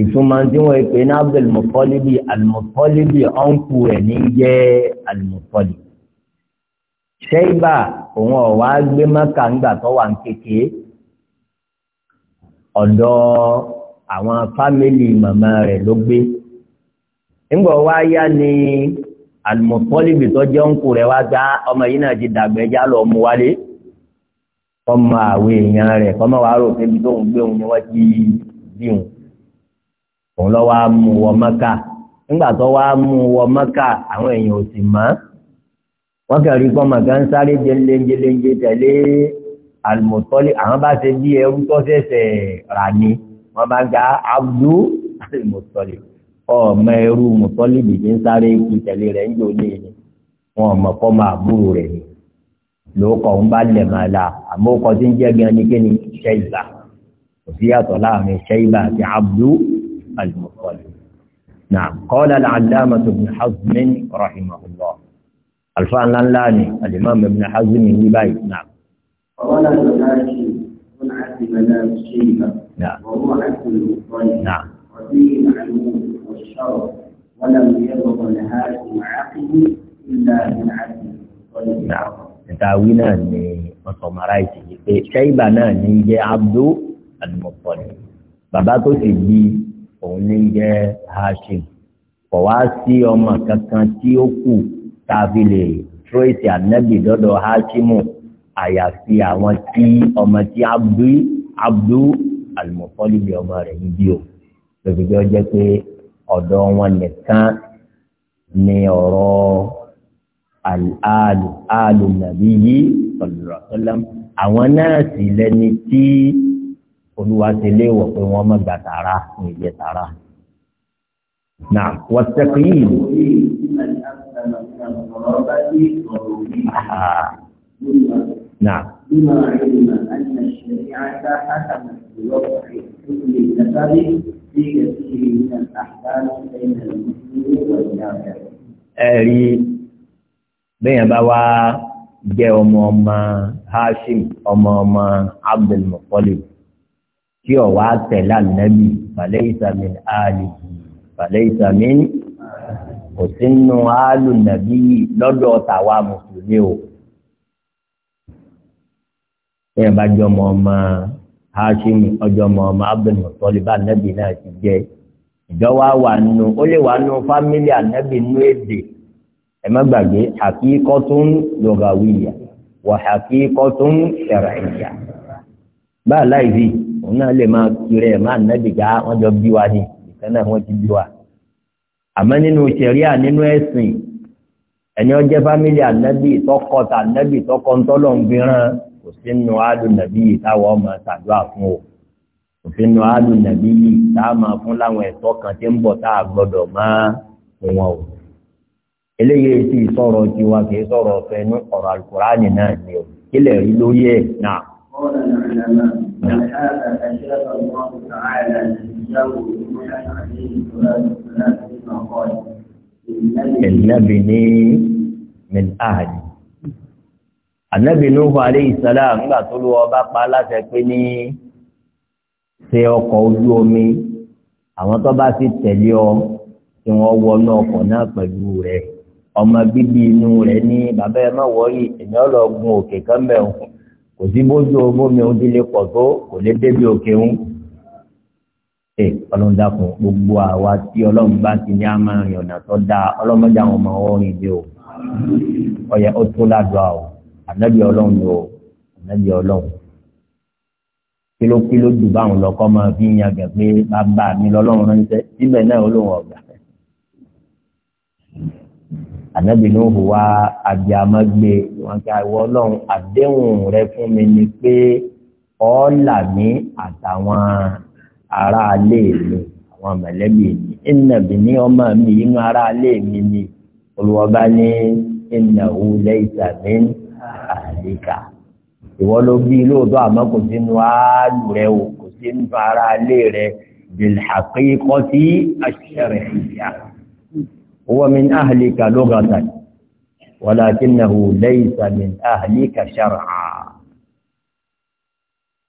ìtumọ̀ tí wọ́n pè ní Abdul Muttalib Al-Muttalib ọ̀npù rẹ̀ ní jẹ́ Al-Muttalib Ṣẹ́ibà òun ọ̀wá gbé Mẹ́kà ńgbà tó wà ń kékeré ọ̀dọ́ àwọn fámìlì màmá rẹ̀ ló gbé ńgbọ̀ wá yá ni àlùmọ̀tọ́lìbì tó jẹ́ ńkù rẹ̀ wá gbá ọmọ yìí náà ti dàgbẹ́já lọ mú wálé ọmọ àwọn èèyàn rẹ̀ kọ́mọ wàá rò pébi tó ń gbé òun ni wọ́n ti bí òun òun lọ́ wá mú wọ mọ́kà nígbà tó wá mú wọ mọ́kà àwọn èèyàn ò sì mọ́ wọ́n kàn rí kọ́mọ kan sáré jẹ́ńlẹ́ńjẹ́ńjẹ́ tẹ̀lé àlùmọ̀tọ́lì àwọn bá ṣe bí ẹrú tó ṣẹ̀ṣẹ̀ rà ni wọ́n bá gba abdu mùsọ̀lì ọmọ ẹrú mùsọ̀lì bìbí ń sáré kí tẹ̀lé rẹ̀ ń jò ní ìní wọn mọ̀ kọ́ máa búrò rẹ̀ ni lóòkọ̀ ń bá lẹ̀ máa la àmọ́ ọkọ̀ tí ń jẹ́ gan ni kí ni ṣẹ́yìnbá kò sí yàtọ̀ láàrin ṣẹ́yìnbá àti abdu al-mùsọ̀lì. نعم قال العلامة ابن حزم رحمه الله الفان لانلاني الإمام ابن حزم يباي نعم قال الناشي من عبد منام شيبة نعم وهو أكل الطيب نعم وفيه العلوم والشرف ولم إلا من عدل الطيب نعم ìtàwí náà ni wọn sọ mara ìtìjú pé ṣẹ́yìnbà náà ní jẹ́ abdul adumọ̀pọ̀lì bàbá tó sì bí òun ní jẹ́ hashim kò wá sí ọmọ kankan tí ó kù tá a fi lè tírèsì ànábì dọ́dọ̀ hashimu àyàfi àwọn tí ọmọ tí abdul àlùmọ̀tọ́lìbì ọmọ rẹ̀ níbí o lọ́sibí ọjọ́ pé ọ̀dọ̀ wọn nìkan ni ọ̀rọ̀ àlù àlù nàbí yìí sọ̀lọ̀rọ̀ sọ́lá àwọn náà sì lẹni tí olúwa ti léèwọ̀ pé wọ́n má gbà tààrà ní ìjẹ tààrà. nà wọ́sẹ̀kì yìí. nà. الشريعة حسب الوضع كل النسب في كثير من الأحكام بين المسلم والكافر. ẹ̀rí bẹ́ẹ̀ bá wá jẹ́ ọmọ ọmọ hashim ọmọ ọmọ abdulmuttalib tí ó wá tẹ̀lé ànábì falaysa min alihi falaysa min kò sínú àlùnàbí lọ́dọ̀ tàwa mùsùlùmí o bẹ́ẹ̀ bá jọ ọmọ ọmọ Hashim ọjọ́ ọmọ ọmọ Abdul Muttalib bá nẹ́bí náà ti jẹ́ ìjọ wa wà nù ó lè wà nù fámílì ànẹ́bí nù èdè ẹ má gbàgbé haqiqatun lugawiyya wa haqiqatun shar'iyya bá láìsí òun náà lè máa kiri ẹ̀ máa nẹ́bí ká wọ́n jọ bí wa ni ìkan náà wọ́n ti bí wa àmọ́ nínú ṣẹ̀ríà nínú ẹ̀sìn ẹni ọjẹ́ fámílì ànẹ́bí tọkọ tà ànẹ́bí tọkọ ntọ́lọ́ ń gbìrán kò sínú àádùn nàbí yìí táwọn ọmọ ṣàdúrà fún o kò sínú àádùn nàbí yìí tá a máa fún láwọn ẹ̀tọ́ kan tí ń bọ̀ tá a gbọ́dọ̀ máa fún wọn o eléyìí sì sọ̀rọ̀ tiwa kì í sọ̀rọ̀ fẹnu ọ̀rọ̀ alukurani náà ni o kílẹ̀ rí lórí ẹ̀ náà. قال العلماء ولهذا أجاب الله تعالى نبيه نوح عليه الصلاة والسلام بما قال إن ابني من أهلي Ànábì Nuhu alayhi salam nígbà tó lọ ọba pa aláṣẹ pé ní ṣe ọkọ̀ ojú omi àwọn tó bá sì tẹ̀lé ọ tí wọ́n wọnú ọkọ̀ náà pẹ̀lú rẹ̀ ọmọ bíbí inú rẹ̀ ní bàbá ẹ má wọ́ọ̀rì èmi ọ̀ òkè kan bẹ̀rù kò sí bójú omi òun ti lè pọ̀ tó kò lè débi òkè òun. ẹ ọlọ́run dákun gbogbo àwa tí ọlọ́run bá ti ní àmọ́ ìrìnà tó dáa ọlọ́mọdé àwọn ọmọ wọn rìn o ọ̀yẹ́ ó tó ládùá o ànábì ọlọ́run ni o ànábì ọlọ́run kílókíló jù báwọn lọ kọ́ máa fi ń yàgẹ̀ pé bàbá mi lọ́lọ́run ránṣẹ́ síbẹ̀ náà olóhùn ọ̀gá. ànábì ní òhùn wa abiyamọ gbé wọn kí àwọ ọlọ́run àdéhùn rẹ fún mi ni pé ọ̀ọ́là mi àtàwọn aráalé mi àwọn mọ̀lẹ́bí mi ìnàbì ní ọmọ mi inú aráalé mi ni olùwọ́ba ní ìnàwó lẹ́yìn tàbí ní àlèkà ìwọ ló bí lóòótọ́ àmọ́ kò sínú áálù rẹ o kò sínú ara alé rẹ bilhaqiqati ash-shar'iyya huwa min ahlika lughatan walakinahu laysa min ahlika shar'a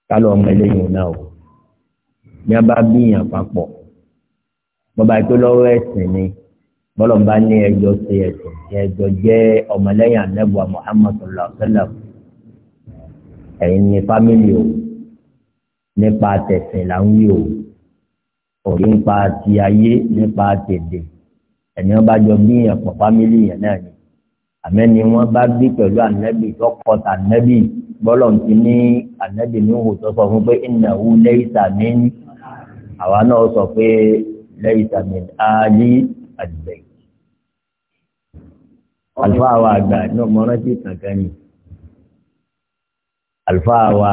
kálọ̀ ọmọ eléyìí náà o ní a bá bíyàn papọ̀ bọ́ba ètò lọ́rọ̀ ẹ̀sìn ni bọ́lọ̀ bá ní ẹjọ́ ṣe ẹ̀sìn ẹjọ́ jẹ́ ọmọlẹ́yìn anábùwà Muhammadu sallallahu ẹ̀yin ní fámìlì o nípa tẹ̀sìn là ń wí o òrí nípa ti ayé nípa tèdè ẹni wọn bá jọ gbìyàn pọ̀ fámìlì yẹn náà ni àmẹ́ni wọn bá bí pẹ̀lú ànẹ́bì tọkọ tànẹ́bì gbọ́lọ̀ ti ní ànẹ́bì ní òwò tó sọ fún pé ìnáwó lẹ́yìn tàmí àwa náà sọ pé lẹ́yìn tàmí áálí àdìbẹ̀yì àlùfáà wa àgbà ní ọmọ rántí kankan yìí àlùfáà wa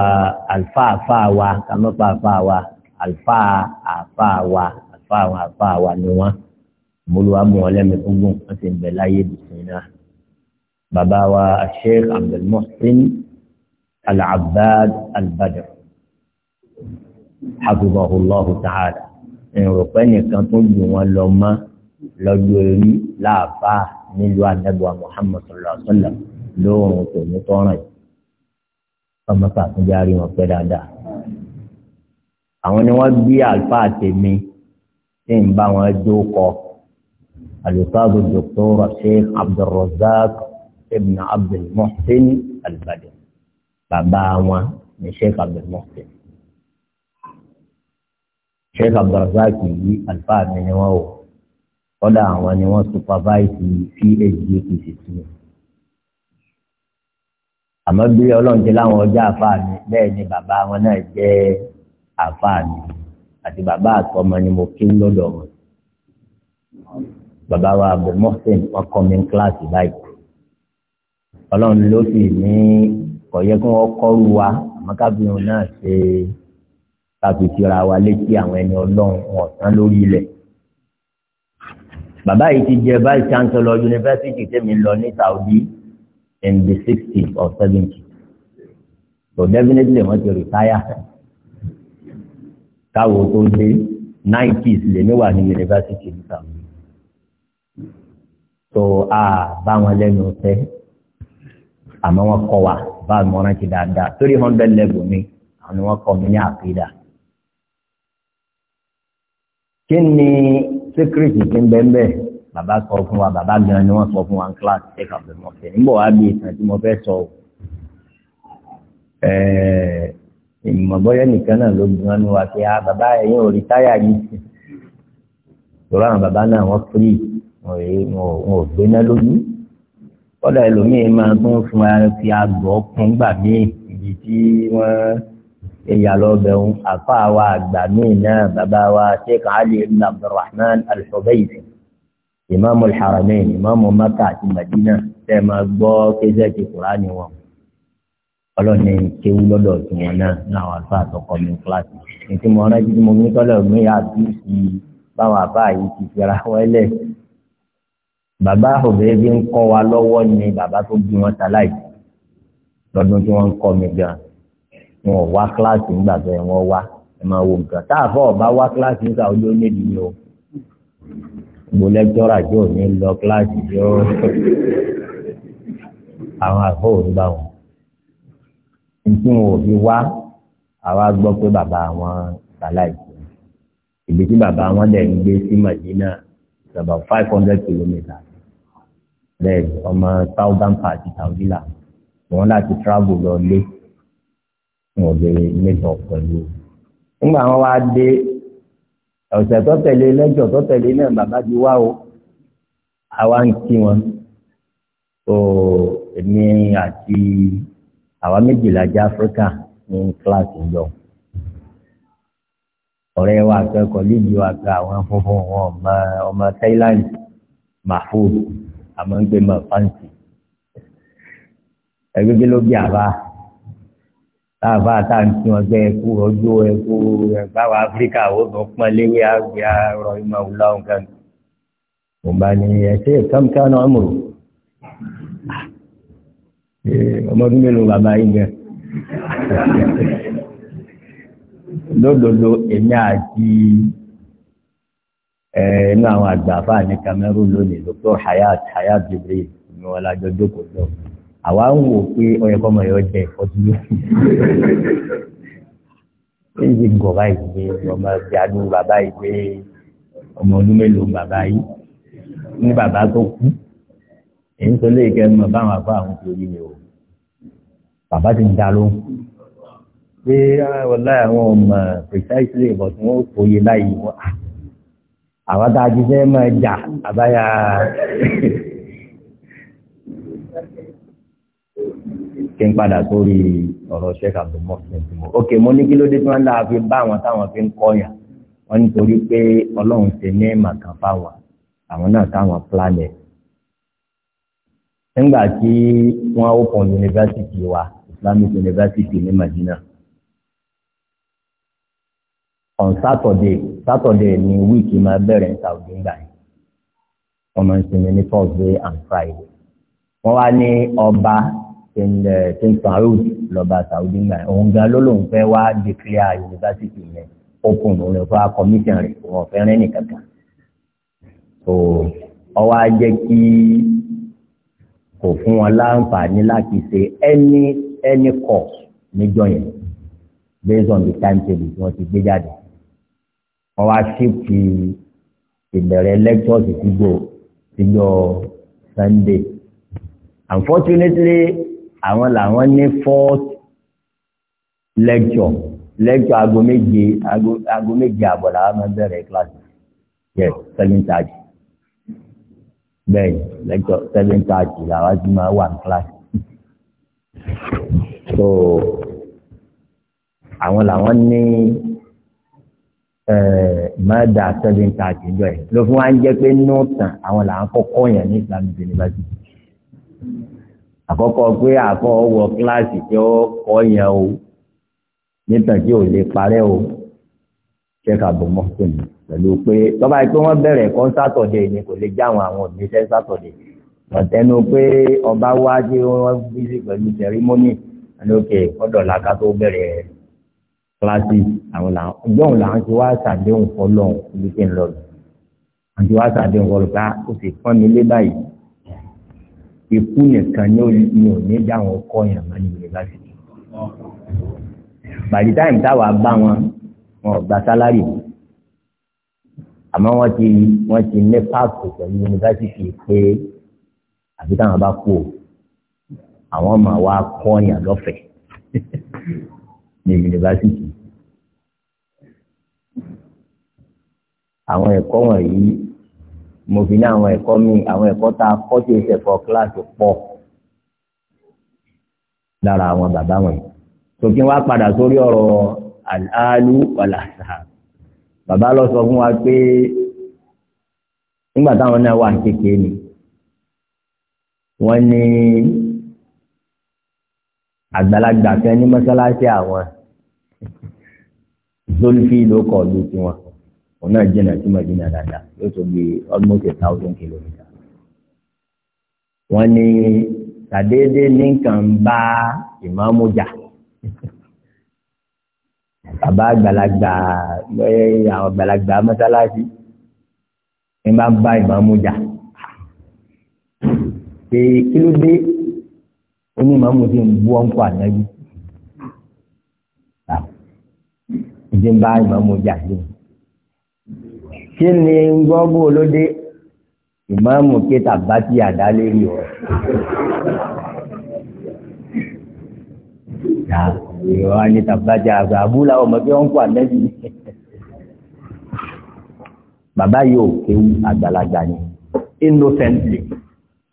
àlùfáà àfáà wa kàmọ́pà àfáà wa àlùfáà àfáà wa àlùfáà àwọn àfáà wa ni wọ́n mọ́lúwa mú wọn lẹ́mìí ogún wọ́n sì ń bẹ̀ láyé bìsìn náà. bàbá wa sheikh abdulmohsin al-abbad al-badr hafizahullahu ta'ala ìrọ̀pẹ́ nìkan tó ju wọn lọ mọ́ lọ́jọ́ orí láàfáà nílùú anábọ̀ muhammad sallallahu alaihi wa sallam lóòrùn tòun tọ́ràn yìí ọmọ sàtúnjá rí wọn pẹ́ dáadáa àwọn ni wọ́n bí àlùfáà tèmi tí ń bá wọn jó kọ alùfáàbù dòkítọ́rọ̀ sheikh abdulrozak ibn abdulmohsen albadr bàbá wọn ni sheikh abdulmohsen sheikh abdulrozak yìí àlùfáà mi ni wọ́n wò kọ́dà àwọn ni wọ́n supervise phd kìsìtì yìí àmọ́ bí ọlọ́run ti láwọn ọjọ́ àfáà bẹ́ẹ̀ ni bàbá wọn náà jẹ́ àfáà mi àti bàbá àtọmọ ni mo kí lọ́dọ̀ wọn bàbá wa Abdul Mohsen wọn kọ́ mi ní kíláàsì báyìí ọlọ́run ló sì ní kọ̀yẹ́ kí wọ́n kọ́rù wa àmọ́ kábíyàn náà ṣe káfí síra wa létí àwọn ẹni ọlọ́run wọn lórí ilẹ̀ bàbá yìí ti jẹ vice chancellor yunifásitì tèmi lọ ní Saudi in the 60 or 70 So definitely wọ́n ti retire. Káwo tó dé nineties. s lè ní wà ní yunifásitì nìkan. So a bá wọn lẹ́nu tẹ́ àmọ́ wọn kọ́ wa bá wọn rántí dáadáa torí hundred level mi àwọn wọn kọ́ mi ní àkídà. Kí ni secret ti ń bẹ́ẹ̀ bẹ́ẹ̀? bàbá sọ fún wa bàbá gan ni wọ́n sọ fún wa ní kíláàsì ṣe kàbẹ mọ fẹ nígbà wàá bí ìtàn tí mo fẹ́ sọ o ìmọ̀bọ́yẹ́ nìkan náà ló gbọ́n ní wa pé a ah, bàbá ẹ̀yìn ò rí táyà yìí tòrọ àwọn bàbá náà wọ́n firi wọn ò gbéná lójú kọ́dà ẹlòmíín máa tún fún wa fi àgọ́ kún gbà míì ibi tí wọ́n ìyá lọ́bẹ̀ ń àfa wa àgbà míì náà bàbá wa Sheikh Ali ibn Abdulrahman Al-Hubayri ìmáàmù Haramain ìmáàmù Maka àti Madina tẹ́ máa gbọ́ kézẹ́ẹ̀tì kùránì wọn ọlọ́ni kéwú lọ́dọ̀ tí wọn náà ní àwọn àlùfáà àtọkọ mi kíláàsì ètò mo rántí mo ní tọ́lọ̀ mi àbíyèsí báwọn àbá yìí ti fira wẹ́lẹ̀ bàbá òbẹ́rẹ́ bí ń kọ́ wa lọ́wọ́ ni bàbá tó bí wọn ṣaláì lọ́dún tí wọ́n ń kọ́ mi gan wọn wá kíláàsì nígbà tó yẹ wọ́n wá ẹ máa wo nǹkan táàfọ́ ọ̀bá wá gbogbo lẹ́jọ́rà jọ ní lọ kíláàsì yọ àwọn àgbọ̀ òní bá wọn. Ntí wọn ò fi wá àwa gbọ́ pé bàbá wọn ṣàlàyé. Ibi tí bàbá wọn dẹ̀ ń gbé sí Màdínà is about five hundred kilometres. Bẹ́ẹ̀ni ọmọ southern part Saudi wọn láti travel lọ lé wọn ò lè mẹ́tọ̀ pẹ̀lú. Nígbà wọn wá dé ọ̀sẹ̀ tó tẹ̀lé lẹ́jọ́ tó tẹ̀lé náà bàbá ti wá o àwa ń kí wọn tó èmi àti àwa méjìlá jẹ́ áfíríkà ní kíláàsì ń ọ̀rẹ́ wa kan kọ̀líìgì wa kan àwọn funfun wọn ọmọ ọmọ Thailand mahfoud àmọ́ ń pè mọ́ fáǹsì ẹgbẹ́gbẹ́ ló bí àbá táàbà tá à ń tí wọn gbé ẹkú ọjọ ẹkú ẹgbàwọ áfíríkà ó sọ pọn léwé àgbẹ àrọ ìmọ òwúlà nǹkan mo bá ní ẹsẹ kankan náà mọ ọmọdún mélòó bàbá yìí gbẹ lódodo èmi àti inú àwọn àgbà àfáà ní Cameroon lónìí Dr. Hayat Hayat Jibril ni wọn lájọ jókòó àwa ń wò pé ọyẹ kọ́mọ yọ jẹ ìfọ́jú lórí èyí ń gọ̀ báyìí pé ọmọ ẹgbẹ́ adúlù bàbá yìí pé ọmọ ọdún mélòó bàbá yìí ní bàbá tó kú èyí ń sọ lé ìkẹ́ mọ̀ báwọn àbá àwọn tó yí ni o bàbá ti ń dá lóhùn pé ọlá ah, àwọn ọmọ precisely but wọn ò fòye láyé wọn ah, àwọn tá a ti fẹ́ máa jà àbáyà. kí n padà sórí ọ̀rọ̀ sheik abdulmohsen tí mo ok mo ní kí ló dé tí wọ́n dáa fi bá àwọn táwọn fi ń kọ́yà wọ́n nítorí pé ọlọ́run ṣe ní màkàn fáwọn àwọn náà táwọn planet nígbà tí wọ́n open university wa islamic university ní madina on saturday saturday ni week máa bẹ̀rẹ̀ ní saudi ngbà yìí wọ́n máa ń sinmi ní thursday and friday wọ́n wá ní ọba king farouk lọ́ba saudi ńgbà òun gan ló lóun fẹ́ wá declare yunifásitì yẹn open òun lè fa commission rẹ̀ òun ọ̀fẹ́ rẹ́ nìkankan so ọwọ́ á jẹ́ kí kò fún wọn láǹfààní láti ṣe any any course níjọ yẹn based on the timetable tí wọ́n ti gbé jáde wọ́n wá shift ìbẹ̀rẹ̀ lectures síjọ síjọ sunday unfortunately àwọn làwọn ní fourth lecture lecture aago méje aago méje àbọ̀ làwọn máa bẹ̀rẹ̀ class yes seven thirty bẹ́ẹ̀ lecture seven thirty làwọn ti máa wà ní class so àwọn làwọn ní eh, mọ́dà seven thirty jọ ẹ̀ ló fún wa ń jẹ́ pé nọ́ọ̀tàn àwọn làwọn kọ́kọ́ yẹn ní Islamic University àkọ́kọ́ pé àkọ́ wọ kíláàsì tí ó kọ́ yẹn o nítorí tí ò lè parẹ́ o ṣẹ́ka bò mọ́tò ní pẹ̀lú pé tọ́ba pé wọ́n bẹ̀rẹ̀ ẹ̀kọ́ sátọ̀dé ni kò lè jáwọn àwọn òbíṣẹ́ sátọ̀dé ọ̀tẹ́nu pé ọba wá tí wọ́n bísí pẹ̀lú sẹ̀rímọ́nì lókè ọ̀dọ̀ làkà tó bẹ̀rẹ̀ kíláàsì àwọn làwọn ọjọ́ òun làwọn ti wá sàdéhùn fọlọ́ọ̀ ibi tí ń lọ àti wá sàdéhùn fọlọ́ọ̀ ikú nìkan ni ò ní dá àwọn ọkọ yẹn máa ní yunifásitì by the time táwa bá wọn wọn ò gba sálárì mọ́ àmọ́ wọ́n ti wọ́n ti ní páàkì pẹ̀lú yunifásitì pé àbí táwọn bá kú o àwọn ọmọ wa kọ́ yàn lọ́fẹ̀ẹ́ ní yunifásitì àwọn ẹ̀kọ́ wọ̀nyí mo fi ní àwọn ẹ̀kọ́ mi àwọn ẹ̀kọ́ tá a kọ́ sí ìṣẹ̀fọ́ kíláàsì pọ̀ lára àwọn bàbá wọn tòkí wá padà sórí ọ̀rọ̀ aláàlú wàlàsà bàbá lọ sọ fún wa pé nígbà táwọn náà wà kékeré ni wọ́n ní àgbàlagbà kan ní mọ́sálásí àwọn Zulfi ló kọ̀ lù tiwọn òun náà jìnnà sí Madina dáadáa yóò tó bí almost a thousand kilometers. wọ́n ní tàdédé ní nǹkan bá ìmáàmù jà [LAUGHS] bàbá àgbàlagbà lọ́yẹ́ àwọn àgbàlagbà mọ́sálásí ní bá bá ìmáàmù jà pé kí ló dé onímọ̀ọ́mù ti ń bú ọ́nkọ́ ànáyí ìdí ń bá ìmáàmù jà yìí kí ni gbọ́bù olóde ìmáàmù kéta bá ti àdá lérí ọ. Ya ìwà ni tàbájà àgbà àbúlà ọmọ kí wọ́n kó àlẹ́bí. Bàbá yìí ò àgbàlagbà ni innocently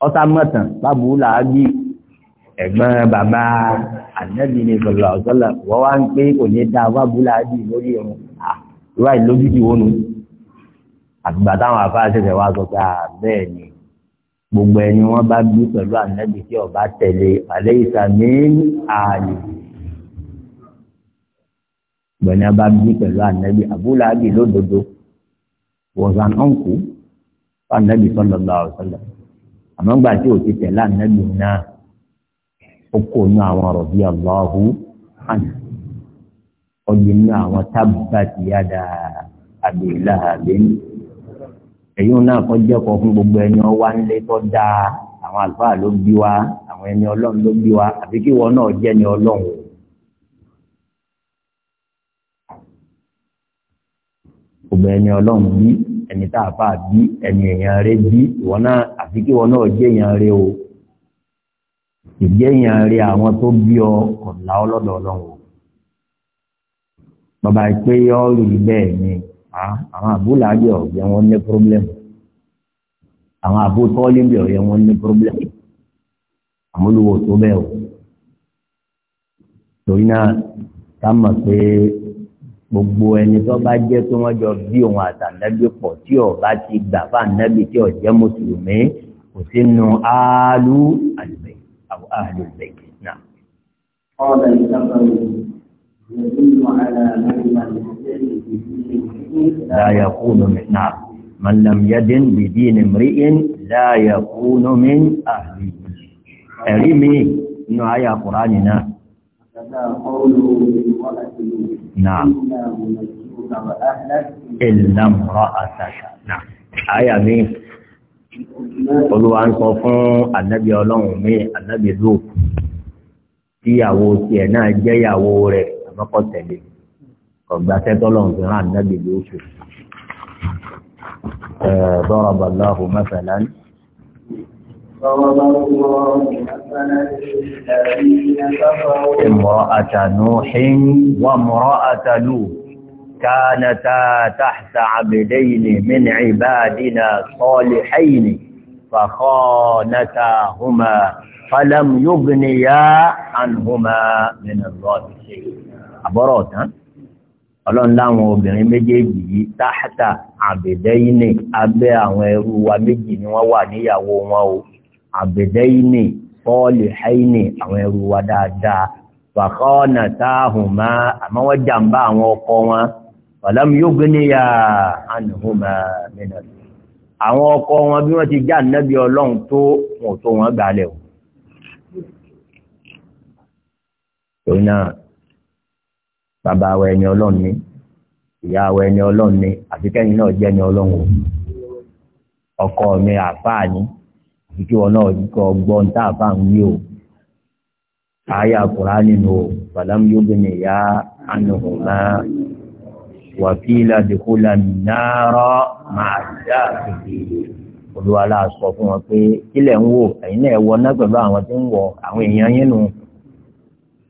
ọ̀tá mọ̀tàn bábúlà bí ẹ̀gbọ́n bàbá àlẹ́bí ni sọ̀rọ̀ ọ̀sọ́lá wọ́n wá ń pé kò ní dá bábúlà bí lórí ọ̀run. Ìwà ìlójútì wọnú àtìgbà táwọn afáàṣẹṣẹ wa sọ pé bẹ́ẹ̀ ni gbogbo ẹni wọn bá bí pẹ̀lú ànábì tí ọba tẹ̀lé alẹ́ ìsàmì ààyè gbẹ̀ni bá bí pẹ̀lú ànábì àbúlà àbí lódodo was an uncle fún ànábì sallallahu alaihi wasallam àmọ́ gbà tí ò ti tẹ̀lé ànábì náà ó kó inú àwọn ọ̀rọ̀ bíi Allahu hàn ọ̀yẹ̀ inú àwọn tábùbà tìyàdà àbí láhàbẹ́ni èyí náà kọ́ jẹ́kọ̀ọ́ fún gbogbo ẹni ọwá ńlé tó dáa àwọn àlùfáà ló bí wa àwọn ẹni ọlọ́run ló bí wa àbí kí wọn náà jẹ́ ni ọlọ́run. gbogbo ẹni ọlọ́run bí ẹni tá a fà bí ẹni èèyàn rẹ bí ìwọ náà àfi kí wọn náà jẹ́ èèyàn rẹ o ìjẹ́ èèyàn rẹ àwọn tó bí ọ kò láọ́ bàbá ìpè rí bẹ́ẹ̀ ni àwọn àbúlà àbí ọ̀jẹ̀ wọn ní pírọ́blẹ́mù àwọn àbótọ́ lébi ọ̀jẹ̀ wọn ní pírọ́blẹ́mù àmúlùwò tó bẹ́ẹ̀ o torí náà ká mọ̀ pé gbogbo ẹni tó bá jẹ́ pé wọ́n jọ bí òun àtànẹ́bí pọ̀ tí ọ̀gá ti gbà fáànẹ́bí tí ọ̀jẹ́ mùsùlùmí kò sínú áálù àlùbẹ̀ àwọn áálù ìbẹ̀kì náà. ọ̀rọ̀ ìjọba yìí yẹ kí wọ́n ara mẹ́rin máa ń ṣe é لا يكون من نعم من لم يدن بدين امرئ لا يكون من أهله ẹ̀rí mi inú ayé àkùránì náà náà ìlàmùrọ̀ àtàṣà náà ayà mi olúwa ń sọ fún ànábì ọlọ́run mi ànábì lóòkù tíyàwó tiẹ̀ náà jẹ́yàwó rẹ̀ àmọ́kọ̀ tẹ̀lé mi ọ̀gbà tẹ́tọ́lọ̀ ń fi hàn nábì lóṣù. ضرب الله مثلا امرأة نوح وامرأة لوط كانتا تحت عبدين من عبادنا صالحين فخانتاهما فلم يغنيا عنهما من الله شيئا عبارات ها ọlọ́run láwọn obìnrin méjèèjì yìí táhátà àbẹ̀dẹ́yìnì abẹ́ àwọn ẹrú wa méjì ni wọ́n wà níyàwó wọn o àbẹ̀dẹ́yìnì fọ́ọ̀lì haini àwọn ẹrú wa dáadáa táàhùn má jàǹbá àwọn ọkọ wọn ọ̀làm yógúnníyà ànùhùmá mìíràn àwọn ọkọ wọn bí wọ́n ti já ọlọ́run tó tó gbalẹ̀ o. bàbá wa ẹni ọlọ́run ni ìyá wa ẹni ọlọ́run ni àti kẹ́yìn náà jẹ́ ẹni ọlọ́run o ọkọ mi àfáà ni àti kí wọn náà kọ gbọ́ ní tá àfáà ń wí o àyà kùránì nù o bàdámù yóò gbé ní ìyá ànàhùn náà wàkílà dìkúlà nàárọ̀ máa dá àfìdí olúwa la sọ fún wọn pé kílẹ̀ ń wò ẹ̀yin náà wọ náà pẹ̀lú àwọn tí ń wọ àwọn èèyàn yín nù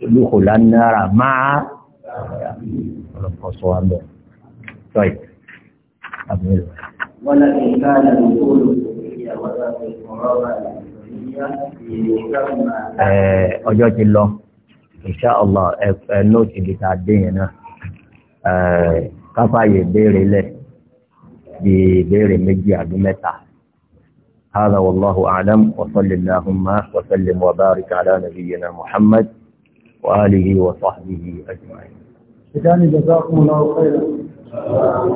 olùkọ́ lánàárà máa. ọlọ́kọ̀ọ́sọ àbẹ̀ tọ́ì àbúrò. wọ́n lè fi káàdì ìkóòlù ọjọ́ ti lọ insha Allah ẹ nóòtì gíga déyìn náà káfáyé béèrè lẹ̀ bí béèrè méjì àbí mẹ́ta. هذا والله أعلم وصل اللهم وسلم وبارك على نبينا محمد وآله وصحبه أجمعين idan jazakumullahu khairan